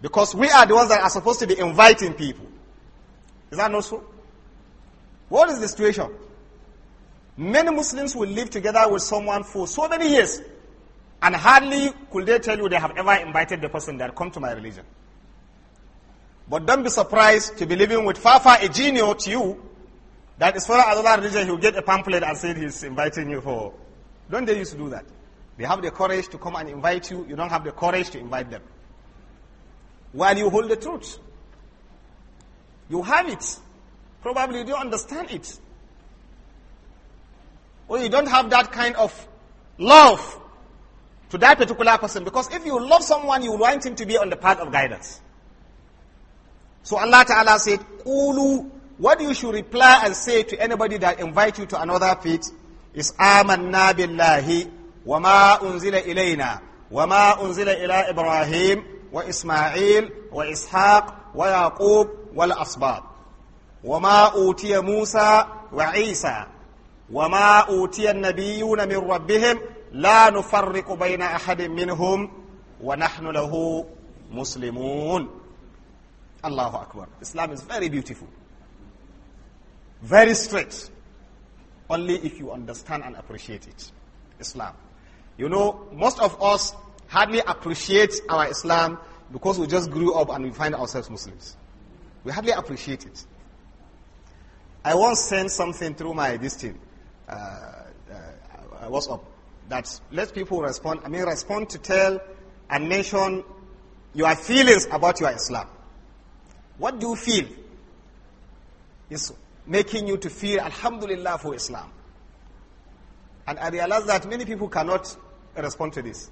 Because we are the ones that are supposed to be inviting people. Is that not so? What is the situation? Many Muslims will live together with someone for so many years, and hardly could they tell you they have ever invited the person that come to my religion. But don't be surprised to be living with Fafa, a genio to you, that is for another religion, he will get a pamphlet and say he's inviting you for. Don't they used to do that? They have the courage to come and invite you, you don't have the courage to invite them. While you hold the truth, you have it. Probably you don't understand it. Or you don't have that kind of love to that particular person. Because if you love someone, you want him to be on the path of guidance. So Allah Ta'ala said, Ulu, what you should reply and say to anybody that invite you to another pit is Amanna billahi wa ma unzila ilayna wa ma unzila ila Ibrahim wa Ismail wa Ishaq wa Yaqub wal asbab. وما أوتي موسى وعيسى وما أوتي النبيون من ربهم لا نفرق بين أحد منهم ونحن له مسلمون الله أكبر Islam is very beautiful very straight only if you understand and appreciate it Islam you know most of us hardly appreciate our Islam because we just grew up and we find ourselves Muslims we hardly appreciate it I once sent something through my this team, uh, uh, uh that let people respond. I mean, respond to tell a nation your feelings about your Islam. What do you feel is making you to feel Alhamdulillah for Islam? And I realize that many people cannot respond to this.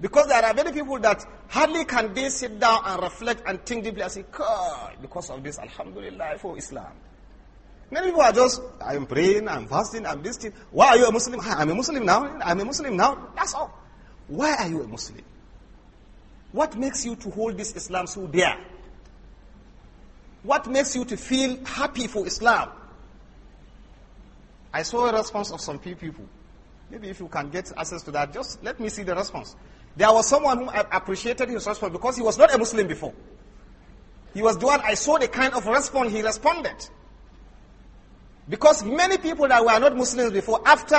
Because there are many people that hardly can they sit down and reflect and think deeply and say, God, because of this, Alhamdulillah for Islam. Many people are just, I'm praying, I'm fasting, I'm this thing. Why are you a Muslim? I'm a Muslim now. I'm a Muslim now. That's all. Why are you a Muslim? What makes you to hold this Islam so dear? What makes you to feel happy for Islam? I saw a response of some few people. Maybe if you can get access to that, just let me see the response. There was someone whom I appreciated his response because he was not a Muslim before. He was the one I saw the kind of response he responded. Because many people that were not Muslims before, after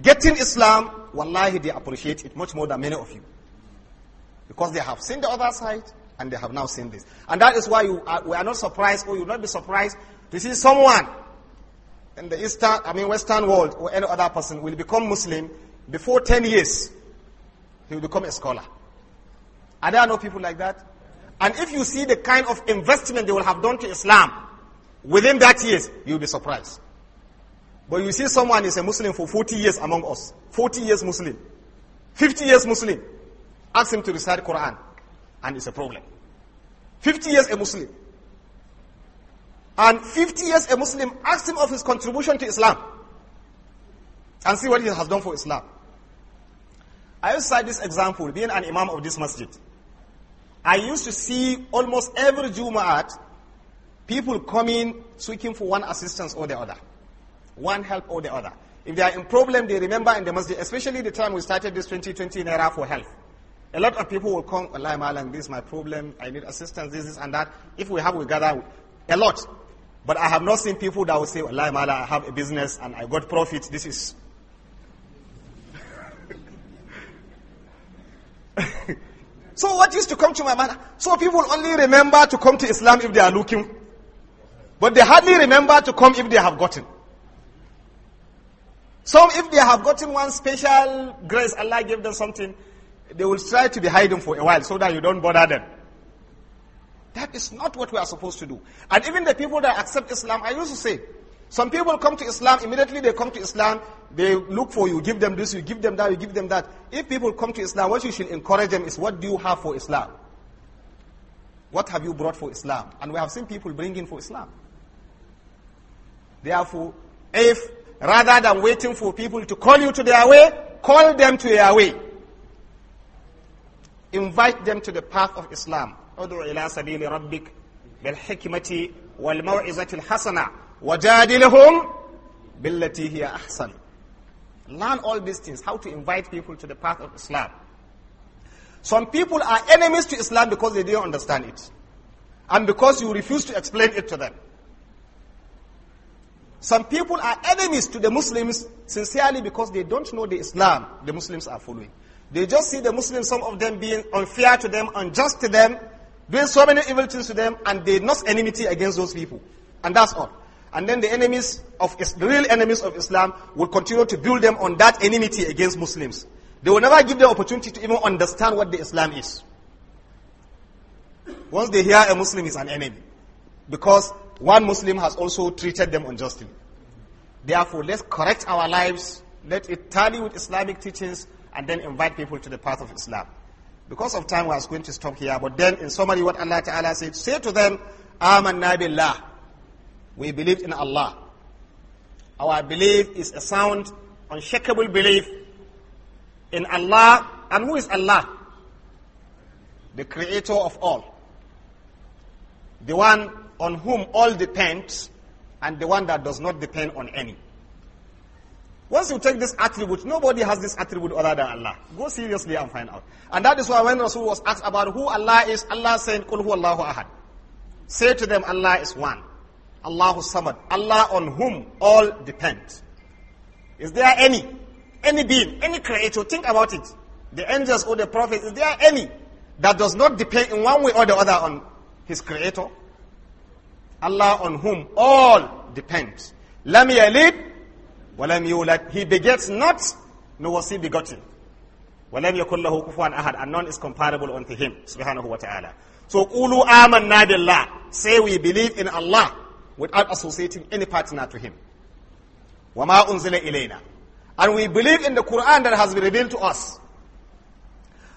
getting Islam, wallahi, they appreciate it much more than many of you. Because they have seen the other side and they have now seen this. And that is why you are, we are not surprised or you will not be surprised to see someone in the Eastern, I mean Western world or any other person will become Muslim before 10 years. He will become a scholar. Are there no people like that? And if you see the kind of investment they will have done to Islam, Within that years, you'll be surprised. But you see someone is a Muslim for 40 years among us. 40 years Muslim. 50 years Muslim. Ask him to recite Quran. And it's a problem. 50 years a Muslim. And 50 years a Muslim, ask him of his contribution to Islam. And see what he has done for Islam. I used to cite this example, being an imam of this masjid. I used to see almost every Jumu'at, People come in seeking for one assistance or the other, one help or the other. If they are in problem, they remember in the masjid, especially the time we started this 2020 era for health. A lot of people will come, Allah Malang, this is my problem, I need assistance, this, this, and that. If we have, we gather a lot. But I have not seen people that will say, Allah Malang, I have a business and I got profit, this is. so what used to come to my mind? So people only remember to come to Islam if they are looking but they hardly remember to come if they have gotten. Some, if they have gotten one special grace, Allah gave them something, they will try to be hiding for a while so that you don't bother them. That is not what we are supposed to do. And even the people that accept Islam, I used to say, some people come to Islam, immediately they come to Islam, they look for you, give them this, you give them that, you give them that. If people come to Islam, what you should encourage them is, what do you have for Islam? What have you brought for Islam? And we have seen people bringing for Islam. Therefore, if rather than waiting for people to call you to their way, call them to their way. Invite them to the path of Islam. ادعو إلى سبيل ربك بالحكمة والموعظة الحسنة وجادلهم بالتي هي أحسن. Learn all these things, how to invite people to the path of Islam. Some people are enemies to Islam because they don't understand it. And because you refuse to explain it to them. Some people are enemies to the Muslims sincerely because they don't know the Islam the Muslims are following. They just see the Muslims, some of them being unfair to them, unjust to them, doing so many evil things to them, and they not enmity against those people. And that's all. And then the enemies of the real enemies of Islam will continue to build them on that enmity against Muslims. They will never give them opportunity to even understand what the Islam is. Once they hear a Muslim is an enemy, because one Muslim has also treated them unjustly. Therefore, let's correct our lives, let it tally with Islamic teachings, and then invite people to the path of Islam. Because of time, I was going to stop here. But then, in summary, what Allah Ta'ala said, say to them, Amanna billah. We believe in Allah. Our belief is a sound, unshakable belief in Allah. And who is Allah? The creator of all. The one on whom all depends and the one that does not depend on any. Once you take this attribute, nobody has this attribute other than Allah. Go seriously and find out. And that is why when Rasul was asked about who Allah is, Allah said, Qul huwa Allahu ahad. Say to them, Allah is one. Allahu samad. Allah on whom all depend. Is there any, any being, any creator? Think about it. The angels or the prophets, is there any that does not depend in one way or the other on his creator? Allah on whom all depends. Lam yalid wa lam yulad. He begets not, nor was he begotten. Wa lam yakul lahu kufuwan ahad. And none is comparable unto him, subhanahu wa ta'ala. So, qulu amanna billah. Say we believe in Allah without associating any partner to him. Wa ma unzila ilayna. And we believe in the Quran that has been revealed to us.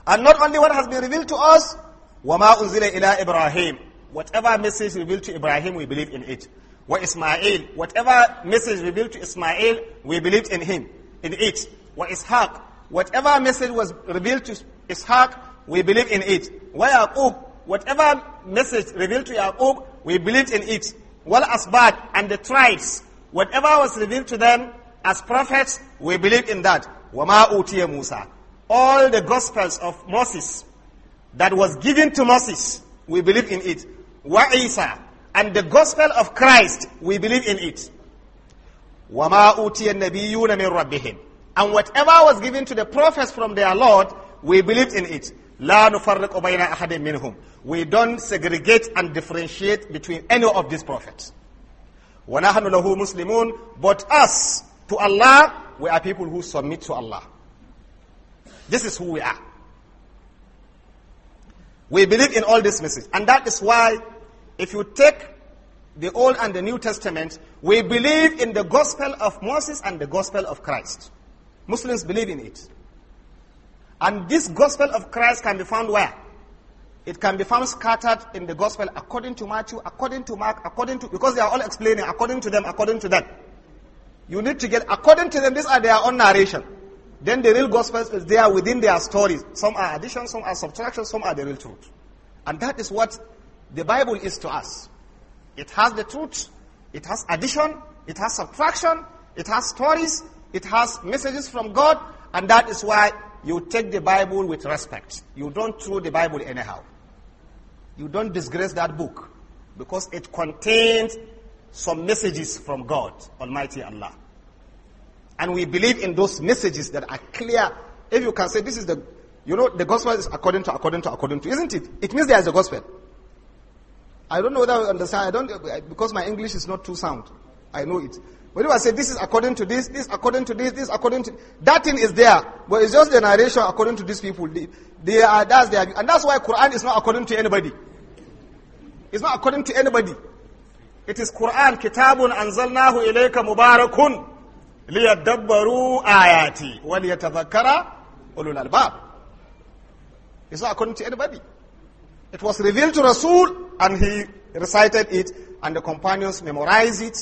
And not only what has been revealed to us, wa ma unzila ila Ibrahim Whatever message revealed to Ibrahim, we believe in it. What Ismail, whatever message revealed to Ismail, we believed in him, in it. What Ishaq, whatever message was revealed to Ishaq, we believe in it. Wa Yaqub, whatever message revealed to Yaqub, we believed in it. What Asbad, and the tribes, whatever was revealed to them as prophets, we believe in that. Wama ma utiya Musa. All the gospels of Moses that was given to Moses, we believe in it wa Isa and the gospel of Christ, we believe in it. وَمَا أُوتِيَ النَّبِيُّونَ مِنْ رَبِّهِمْ And whatever was given to the prophets from their Lord, we believed in it. La نُفَرِّقُ بَيْنَ أَحَدٍ minhum. We don't segregate and differentiate between any of these prophets. وَنَحْنُ لَهُ مُسْلِمُونَ But us, to Allah, we are people who submit to Allah. This is who we are. We believe in all this message. And that is why if you take the Old and the New Testament, we believe in the gospel of Moses and the gospel of Christ. Muslims believe in it. And this gospel of Christ can be found where? It can be found scattered in the gospel according to Matthew, according to Mark, according to, because they are all explaining according to them, according to them. You need to get, according to them, these are their own narration. Then the real gospel is there within their stories. Some are additions, some are subtractions, some are the real truth. And that is what the Bible is to us. It has the truth, it has addition, it has subtraction, it has stories, it has messages from God, and that is why you take the Bible with respect. You don't throw the Bible anyhow. You don't disgrace that book because it contains some messages from God, Almighty Allah. And we believe in those messages that are clear. If you can say this is the, you know, the gospel is according to, according to, according to, isn't it? It means there is a gospel. I don't know whether I understand. I don't, because my English is not too sound. I know it. When I say this is according to this, this according to this, this according to that thing is there, but it's just the narration according to these people. They, they are that's their and that's why Quran is not according to anybody. It's not according to anybody. It is Quran, Kitabun Anzalnahu ilayka Mubarakun liyadabbaru ayati wa liyatadhakkara ulul albab. It's not according to anybody. It was revealed to Rasul and he recited it and the companions memorized it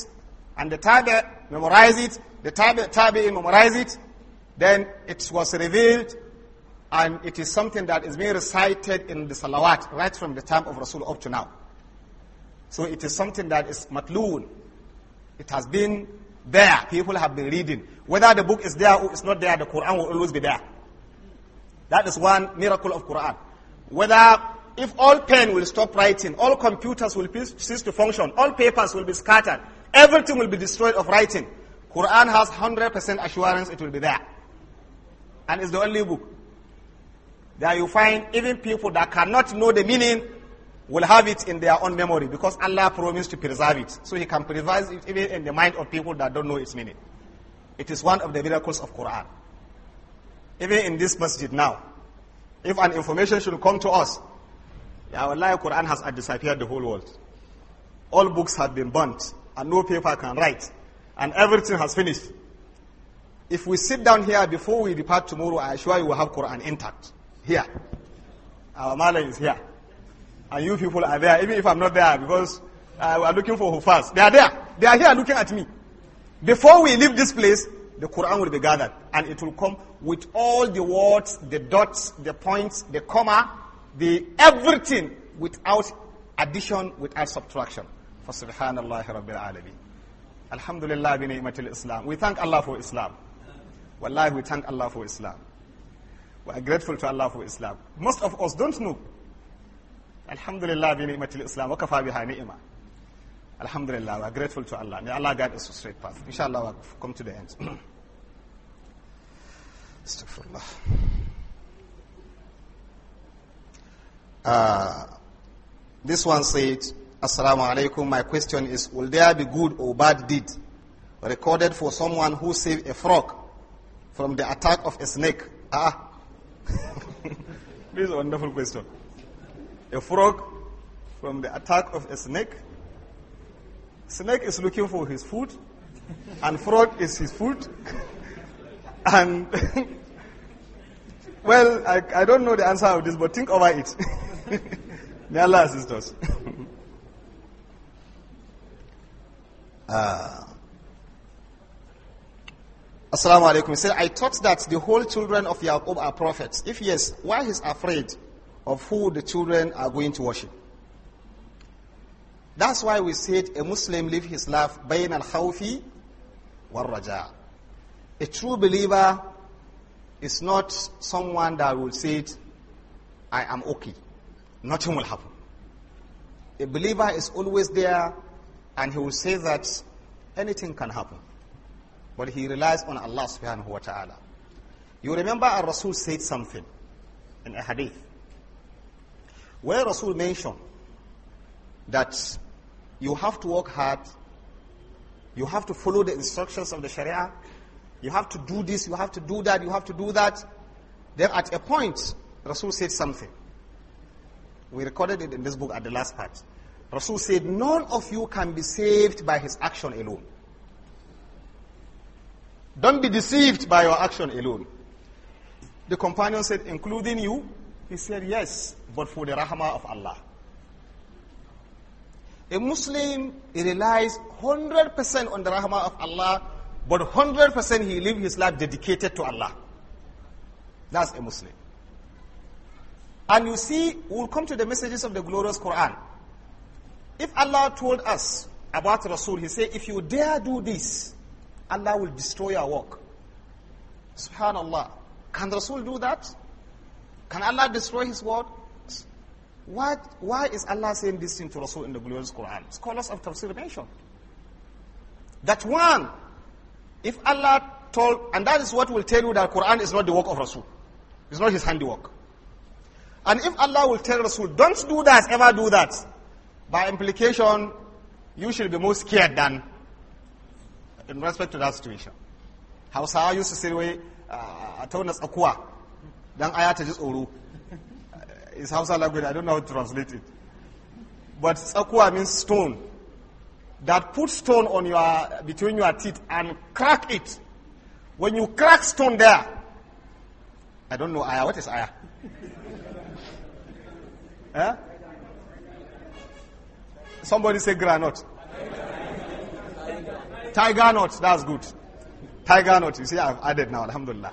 and the Tabi memorized it, the Tabi, tabi memorized it. Then it was revealed and it is something that is being recited in the salawat right from the time of Rasul up to now. So it is something that is matloon. It has been there. People have been reading. Whether the book is there or it's not there, the Quran will always be there. That is one miracle of Quran. Whether if all pen will stop writing, all computers will cease to function, all papers will be scattered, everything will be destroyed of writing, Quran has 100% assurance it will be there. And it's the only book. There you find even people that cannot know the meaning will have it in their own memory because Allah promised to preserve it. So he can preserve it even in the mind of people that don't know its meaning. It is one of the miracles of Quran. Even in this masjid now, if an information should come to us our life Quran has disappeared the whole world. All books have been burnt, and no paper can write, and everything has finished. If we sit down here before we depart tomorrow, I assure you we will have Quran intact. Here. Our Mala is here. And you people are there, even if I'm not there, because uh, we are looking for Hufas. They are there. They are here looking at me. Before we leave this place, the Quran will be gathered and it will come with all the words, the dots, the points, the comma, the everything without addition, without subtraction. For subhanallah rabbil alameen. Alhamdulillah bi ni'matil Islam. We thank Allah for Islam. Wallahi, we thank Allah for Islam. We are grateful to Allah for Islam. Most of us don't know. Alhamdulillah bi ni'matil Islam. Wa kafa biha ni'ma. Alhamdulillah, we are grateful to Allah. May Allah guide us to straight path. Inshallah, we'll come to the end. Astaghfirullah. Uh, this one said, Assalamu alaikum, my question is, will there be good or bad deed recorded for someone who saved a frog from the attack of a snake? Ah, this is a wonderful question. A frog from the attack of a snake? Snake is looking for his food, and frog is his food. and, well, I, I don't know the answer of this, but think over it. May Allah assist us. uh, ah. Assalamu alaikum. He said, I thought that the whole children of Yaqub are prophets. If yes, why he's afraid of who the children are going to worship? That's why we said a Muslim live his life bayn al khawfi wal raja. A true believer is not someone that will say, it, I am okay nothing will happen. A believer is always there and he will say that anything can happen. But he relies on Allah subhanahu wa ta'ala. You remember our Rasul said something in a hadith where Rasul mentioned that you have to work hard, you have to follow the instructions of the Sharia, you have to do this, you have to do that, you have to do that. Then at a point, Rasul said something. We recorded it in this book at the last part. Rasul said, none of you can be saved by his action alone. Don't be deceived by your action alone. The companion said, including you? He said, yes, but for the rahmah of Allah. A Muslim relies 100% on the rahmah of Allah, but 100% he lives his life dedicated to Allah. That's a Muslim. And you see, we'll come to the messages of the glorious Quran. If Allah told us about Rasul, He said, if you dare do this, Allah will destroy your work. Subhanallah. Can Rasul do that? Can Allah destroy His word? What, why is Allah saying this thing to Rasul in the glorious Quran? Scholars of Tafsir mention that one, if Allah told, and that is what will tell you that Quran is not the work of Rasul, it's not his handiwork. And if Allah will tell Rasul, don't do that, ever do that, by implication, you should be more scared than in respect to that situation. How used to say, wai a uh, taunas akuwa, dan aya ta ji tsoro. It's Hausa language, I don't know how to translate it. But akuwa means stone. That put stone on your, between your teeth and crack it. When you crack stone there, I don't know ayah, what is ayah? Eh? Somebody say granite. Tiger nut, that's good. Tiger nut, you see, I've added now, alhamdulillah.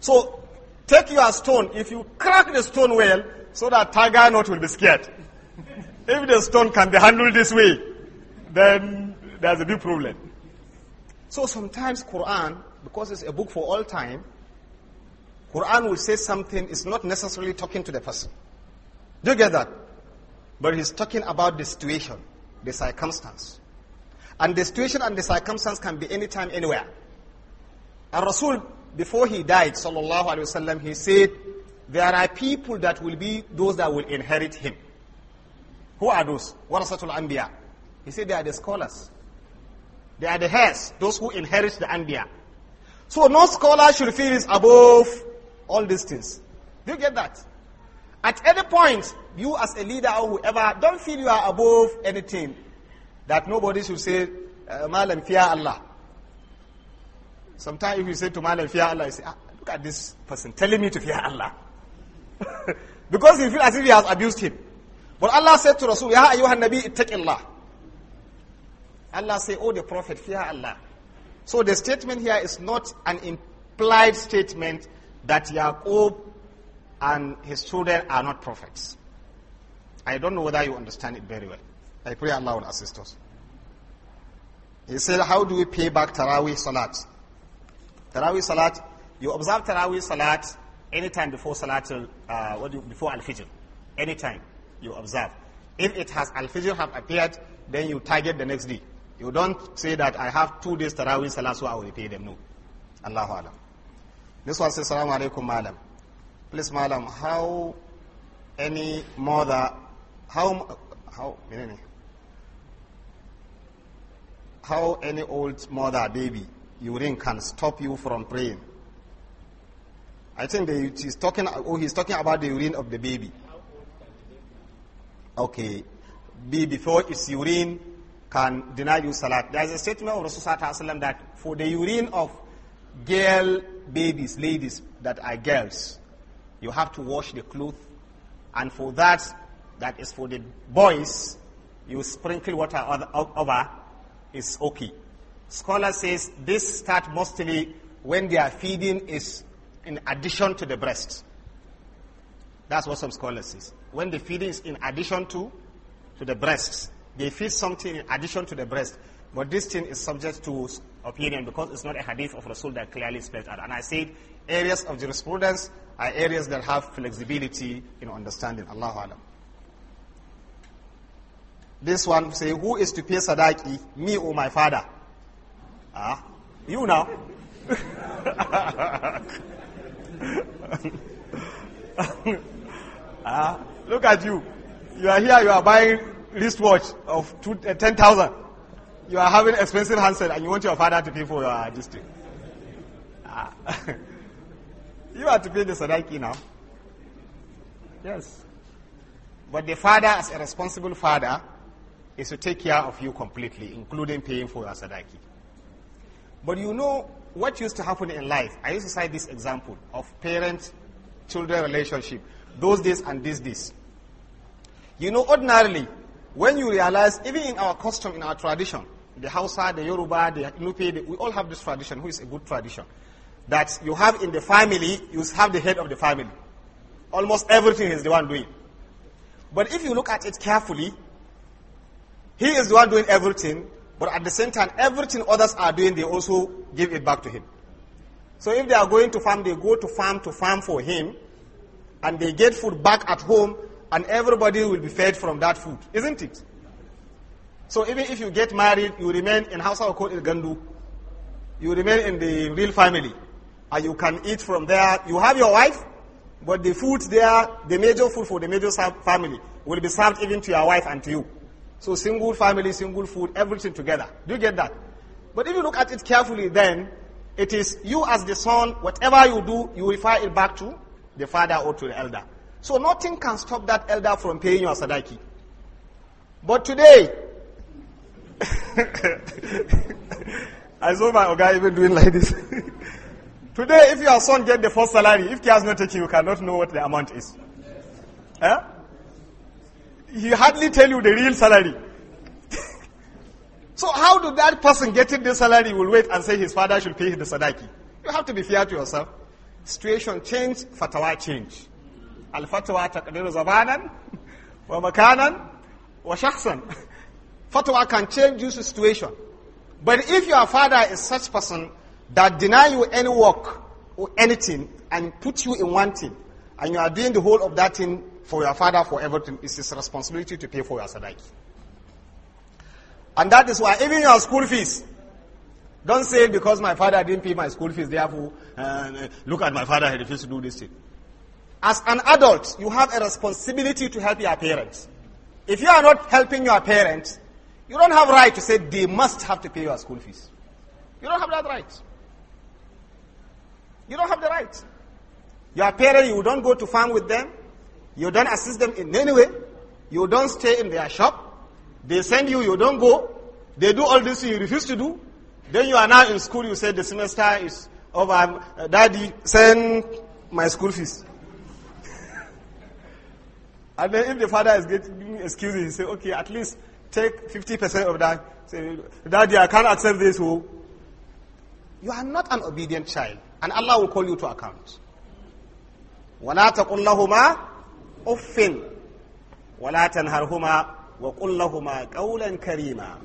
So, take your stone. If you crack the stone well, so that tiger nut will be scared. if the stone can be handled this way, then there's a big problem. So sometimes Quran, because it's a book for all time, Quran will say something, it's not necessarily talking to the person. Do you get that? But he's talking about the situation, the circumstance. And the situation and the circumstance can be anytime, anywhere. And Rasul, before he died, sallallahu alayhi wasallam, he said, there are people that will be those that will inherit him. Who are those? Warasatul Anbiya. He said they are the scholars. They are the heirs, those who inherit the Anbiya. So no scholar should feel is above all these things. Do you get that? At any point, you as a leader or whoever, don't feel you are above anything. That nobody should say, eh, Malam fear Allah. Sometimes if you say to Malam fear Allah, you say, ah, look at this person telling me to fear Allah. because he feels as if he has abused him. But Allah said to Rasul, Ya ayyuhan nabi Allah." Allah said, oh the prophet, fear Allah. So the statement here is not an implied statement that Yaqub and his children are not prophets. I don't know whether you understand it very well. I pray Allah will assist us. He said, How do we pay back Taraweeh Salat? Taraweeh Salat, you observe Taraweeh Salat anytime before Salat, uh, what before Al Fijr. Anytime you observe. If it has Al Fijr have appeared, then you target the next day. You don't say that I have two days Taraweeh Salat, so I will repay them. No. Allahu Alam. This one says, Salaamu Alaikum, Madam. Please, madam, how any mother, how, how, how any old mother baby urine can stop you from praying? I think that he's talking, oh, he's talking about the urine of the baby. Okay. Be before its urine can deny you salat. There is a statement of Rasulullah that for the urine of girl babies, ladies that are girls, you have to wash the cloth. And for that, that is for the boys, you sprinkle water over, It's okay. Scholar says this start mostly when their feeding is in addition to the breast. That's what some scholars say. When the feeding is in addition to, to the breast, they feed something in addition to the breast. But this thing is subject to opinion because it's not a hadith of Rasul that clearly spells out. And I said areas of jurisprudence are areas that have flexibility in understanding. Allah Alam. This one say, who is to pay sadaqi, me or my father? Ah, you now. ah, look at you. You are here, you are buying wristwatch of two, uh, 10,000. You are having expensive handset and you want your father to pay for your uh, Ah. You are to pay the sadaiki now. Yes. But the father, as a responsible father, is to take care of you completely, including paying for your sadaiki. But you know what used to happen in life. I used to cite this example of parent-children relationship. Those days and these days. You know, ordinarily, when you realize, even in our custom, in our tradition, the Hausa, the Yoruba, the Inupi, we all have this tradition, which is a good tradition that you have in the family, you have the head of the family. Almost everything is the one doing. But if you look at it carefully, he is the one doing everything, but at the same time, everything others are doing, they also give it back to him. So if they are going to farm, they go to farm to farm for him, and they get food back at home, and everybody will be fed from that food, isn't it? So even if you get married, you remain in house or called Gandu. You remain in the real family and you can eat from there. You have your wife, but the food there, the major food for the major family, will be served even to your wife and to you. So single family, single food, everything together. Do you get that? But if you look at it carefully, then it is you as the son, whatever you do, you refer it back to the father or to the elder. So nothing can stop that elder from paying your sadaki. But today, I saw my guy even doing like this. Today, if your son get the first salary, if he has not taken, you cannot know what the amount is. Eh? He hardly tell you the real salary. so how do that person getting the salary will wait and say his father should pay him the sadaki? You have to be fair to yourself. Situation change, fatwa change. Al-fatwa taqdiru zabanan wa makanan wa shakhsan. Fatwa can change your situation. But if your father is such person, that deny you any work or anything and put you in one thing, and you are doing the whole of that thing for your father for everything, it's his responsibility to pay for your sadaqah. And that is why even your school fees, don't say because my father didn't pay my school fees, therefore, uh, look at my father, he refused to do this thing. As an adult, you have a responsibility to help your parents. If you are not helping your parents, you don't have right to say they must have to pay your school fees. You don't have that right. You don't have the right. Your parents, you don't go to farm with them. You don't assist them in any way. You don't stay in their shop. They send you, you don't go. They do all this you refuse to do. Then you are now in school, you say the semester is over. Uh, Daddy, send my school fees. and then if the father is getting excuses, he say, okay, at least take 50% of that. Say, Daddy, I can't accept this. Who? Oh. You are not an obedient child. And Allah will call you to account. وَلَا تَقُلْ لَهُمَا أُفٍّ وَلَا تَنْهَرْهُمَا وَقُلْ لَهُمَا قَوْلًا كَرِيمًا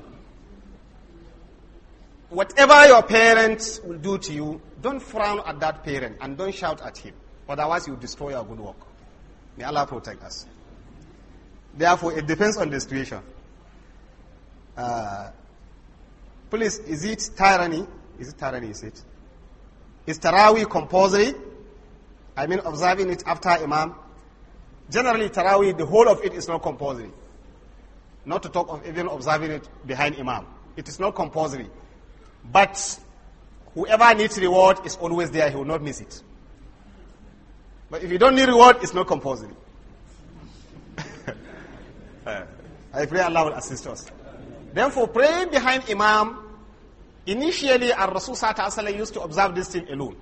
Whatever your parents will do to you, don't frown at that parent and don't shout at him. Otherwise, you destroy your good work. May Allah protect us. Therefore, it depends on the situation. Uh, please, is it tyranny? Is it tyranny, is it? Is tarawih compulsory? I mean observing it after Imam. Generally, tarawih, the whole of it is not compulsory. Not to talk of even observing it behind Imam. It is not compulsory. But whoever needs reward is always there. He will not miss it. But if you don't need reward, it's not compulsory. I pray Allah will assist us. Therefore, praying behind Imam, Initially, our Rasul used to observe this thing alone,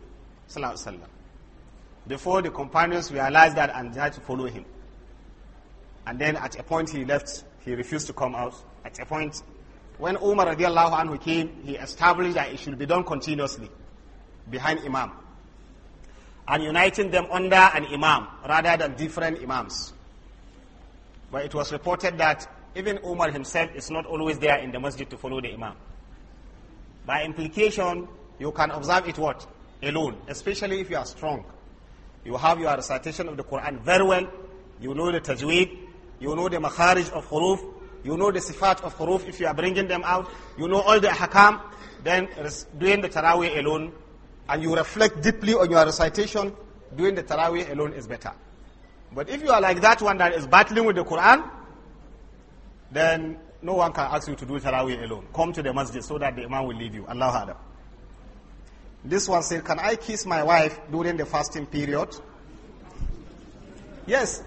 before the companions realized that and had to follow him. And then at a point he left, he refused to come out. At a point, when Umar radiallahu anhu came, he established that it should be done continuously behind Imam and uniting them under an Imam rather than different Imams. But it was reported that even Umar himself is not always there in the masjid to follow the Imam. By implication, you can observe it what? Alone, especially if you are strong. You have your recitation of the Quran very well. You know the tajweed. You know the makharij of huruf. You know the sifat of huruf if you are bringing them out. You know all the Hakam. Then doing the Taraweeh alone and you reflect deeply on your recitation, doing the Taraweeh alone is better. But if you are like that one that is battling with the Quran, then no one can ask you to do Taraweeh alone. Come to the masjid so that the Imam will lead you. Allah Adam. This one said, Can I kiss my wife during the fasting period? Yes.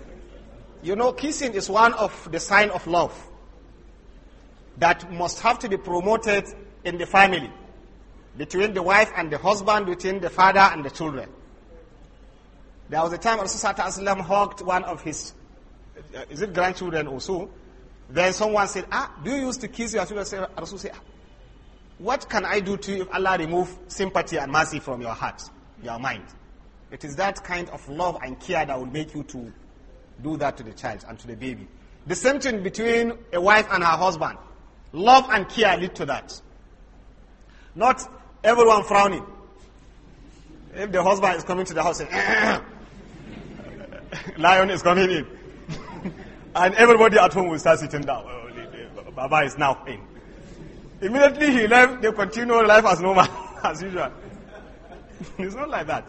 You know, kissing is one of the sign of love that must have to be promoted in the family, between the wife and the husband, between the father and the children. There was a time Rasulullah hugged one of his, uh, is it grandchildren also? Then someone said, Ah, do you used to kiss your children? Rasul said, ah, What can I do to you if Allah remove sympathy and mercy from your heart, your mind? It is that kind of love and care that will make you to do that to the child and to the baby. The same thing between a wife and her husband. Love and care lead to that. Not everyone frowning. If the husband is coming to the house, saying, lion is coming in. And everybody at home will start sitting down. Baba is now in. Immediately he left, they continue life as normal, as usual. it's not like that.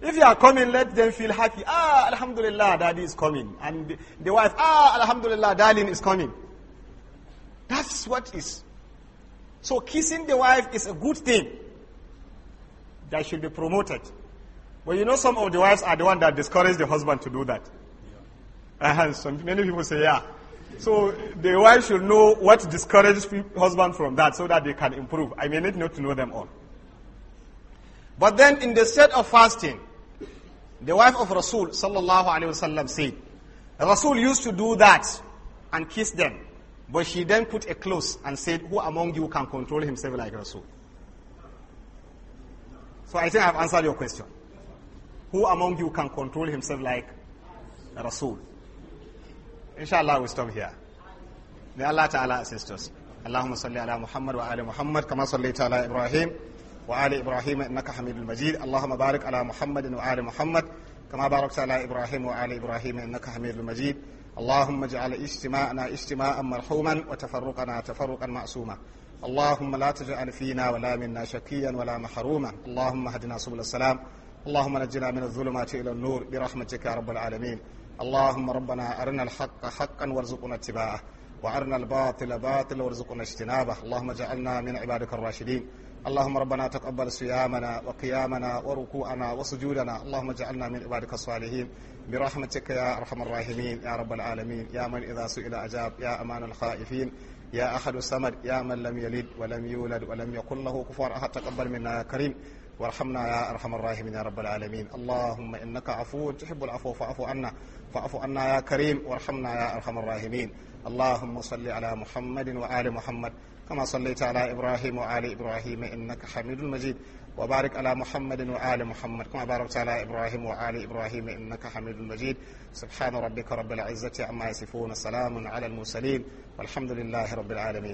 If you are coming, let them feel happy. Ah, Alhamdulillah, daddy is coming. And the, the wife, ah, Alhamdulillah, darling is coming. That's what is. So kissing the wife is a good thing that should be promoted. But you know some of the wives are the one that discourage the husband to do that. Uh, some, many people say, yeah. So the wife should know what discourages husband from that so that they can improve. I may need not to know them all. But then in the state of fasting, the wife of Rasul sallallahu alaihi wasallam said, Rasul used to do that and kiss them. But she then put a close and said, who among you can control himself like Rasul? So I think I've answered your question. Who among you can control himself like Rasul? inshallah we stop allah ta'ala assist us allahumma salli ala muhammad wa ali muhammad kama sallaita ala ibrahim wa ali ibrahim innaka hamidul majid allahumma barik ala muhammad wa ali muhammad kama barakta ala ibrahim wa ali ibrahim innaka hamidul majid اللهم اجعل اجتماعنا اجتماعا مرحوما وتفرقنا تفرقا معصوما اللهم لا تجعل فينا ولا منا شقيا ولا محروما اللهم ربنا أرنا الحق حقا وارزقنا اتباعه وأرنا الباطل باطلا وارزقنا اجتنابه اللهم اجعلنا من عبادك الراشدين اللهم ربنا تقبل صيامنا وقيامنا وركوعنا وسجودنا اللهم اجعلنا من عبادك الصالحين برحمتك يا أرحم الراحمين يا رب العالمين يا من إذا سئل أجاب يا أمان الخائفين يا أحد الصمد يا من لم يلد ولم يولد ولم يكن له كفوا أحد تقبل منا يا كريم وارحمنا يا أرحم الراحمين يا رب العالمين اللهم إنك عفو تحب العفو فاعف عنا فاعف عنا يا كريم وارحمنا يا أرحم الراحمين اللهم صل على محمد وآل محمد كما صليت على إبراهيم وآل إبراهيم إنك حميد مجيد وبارك على محمد وآل محمد كما باركت على إبراهيم وآل إبراهيم إنك حميد مجيد سبحان ربك رب العزة عما يصفون سلام على المرسلين والحمد لله رب العالمين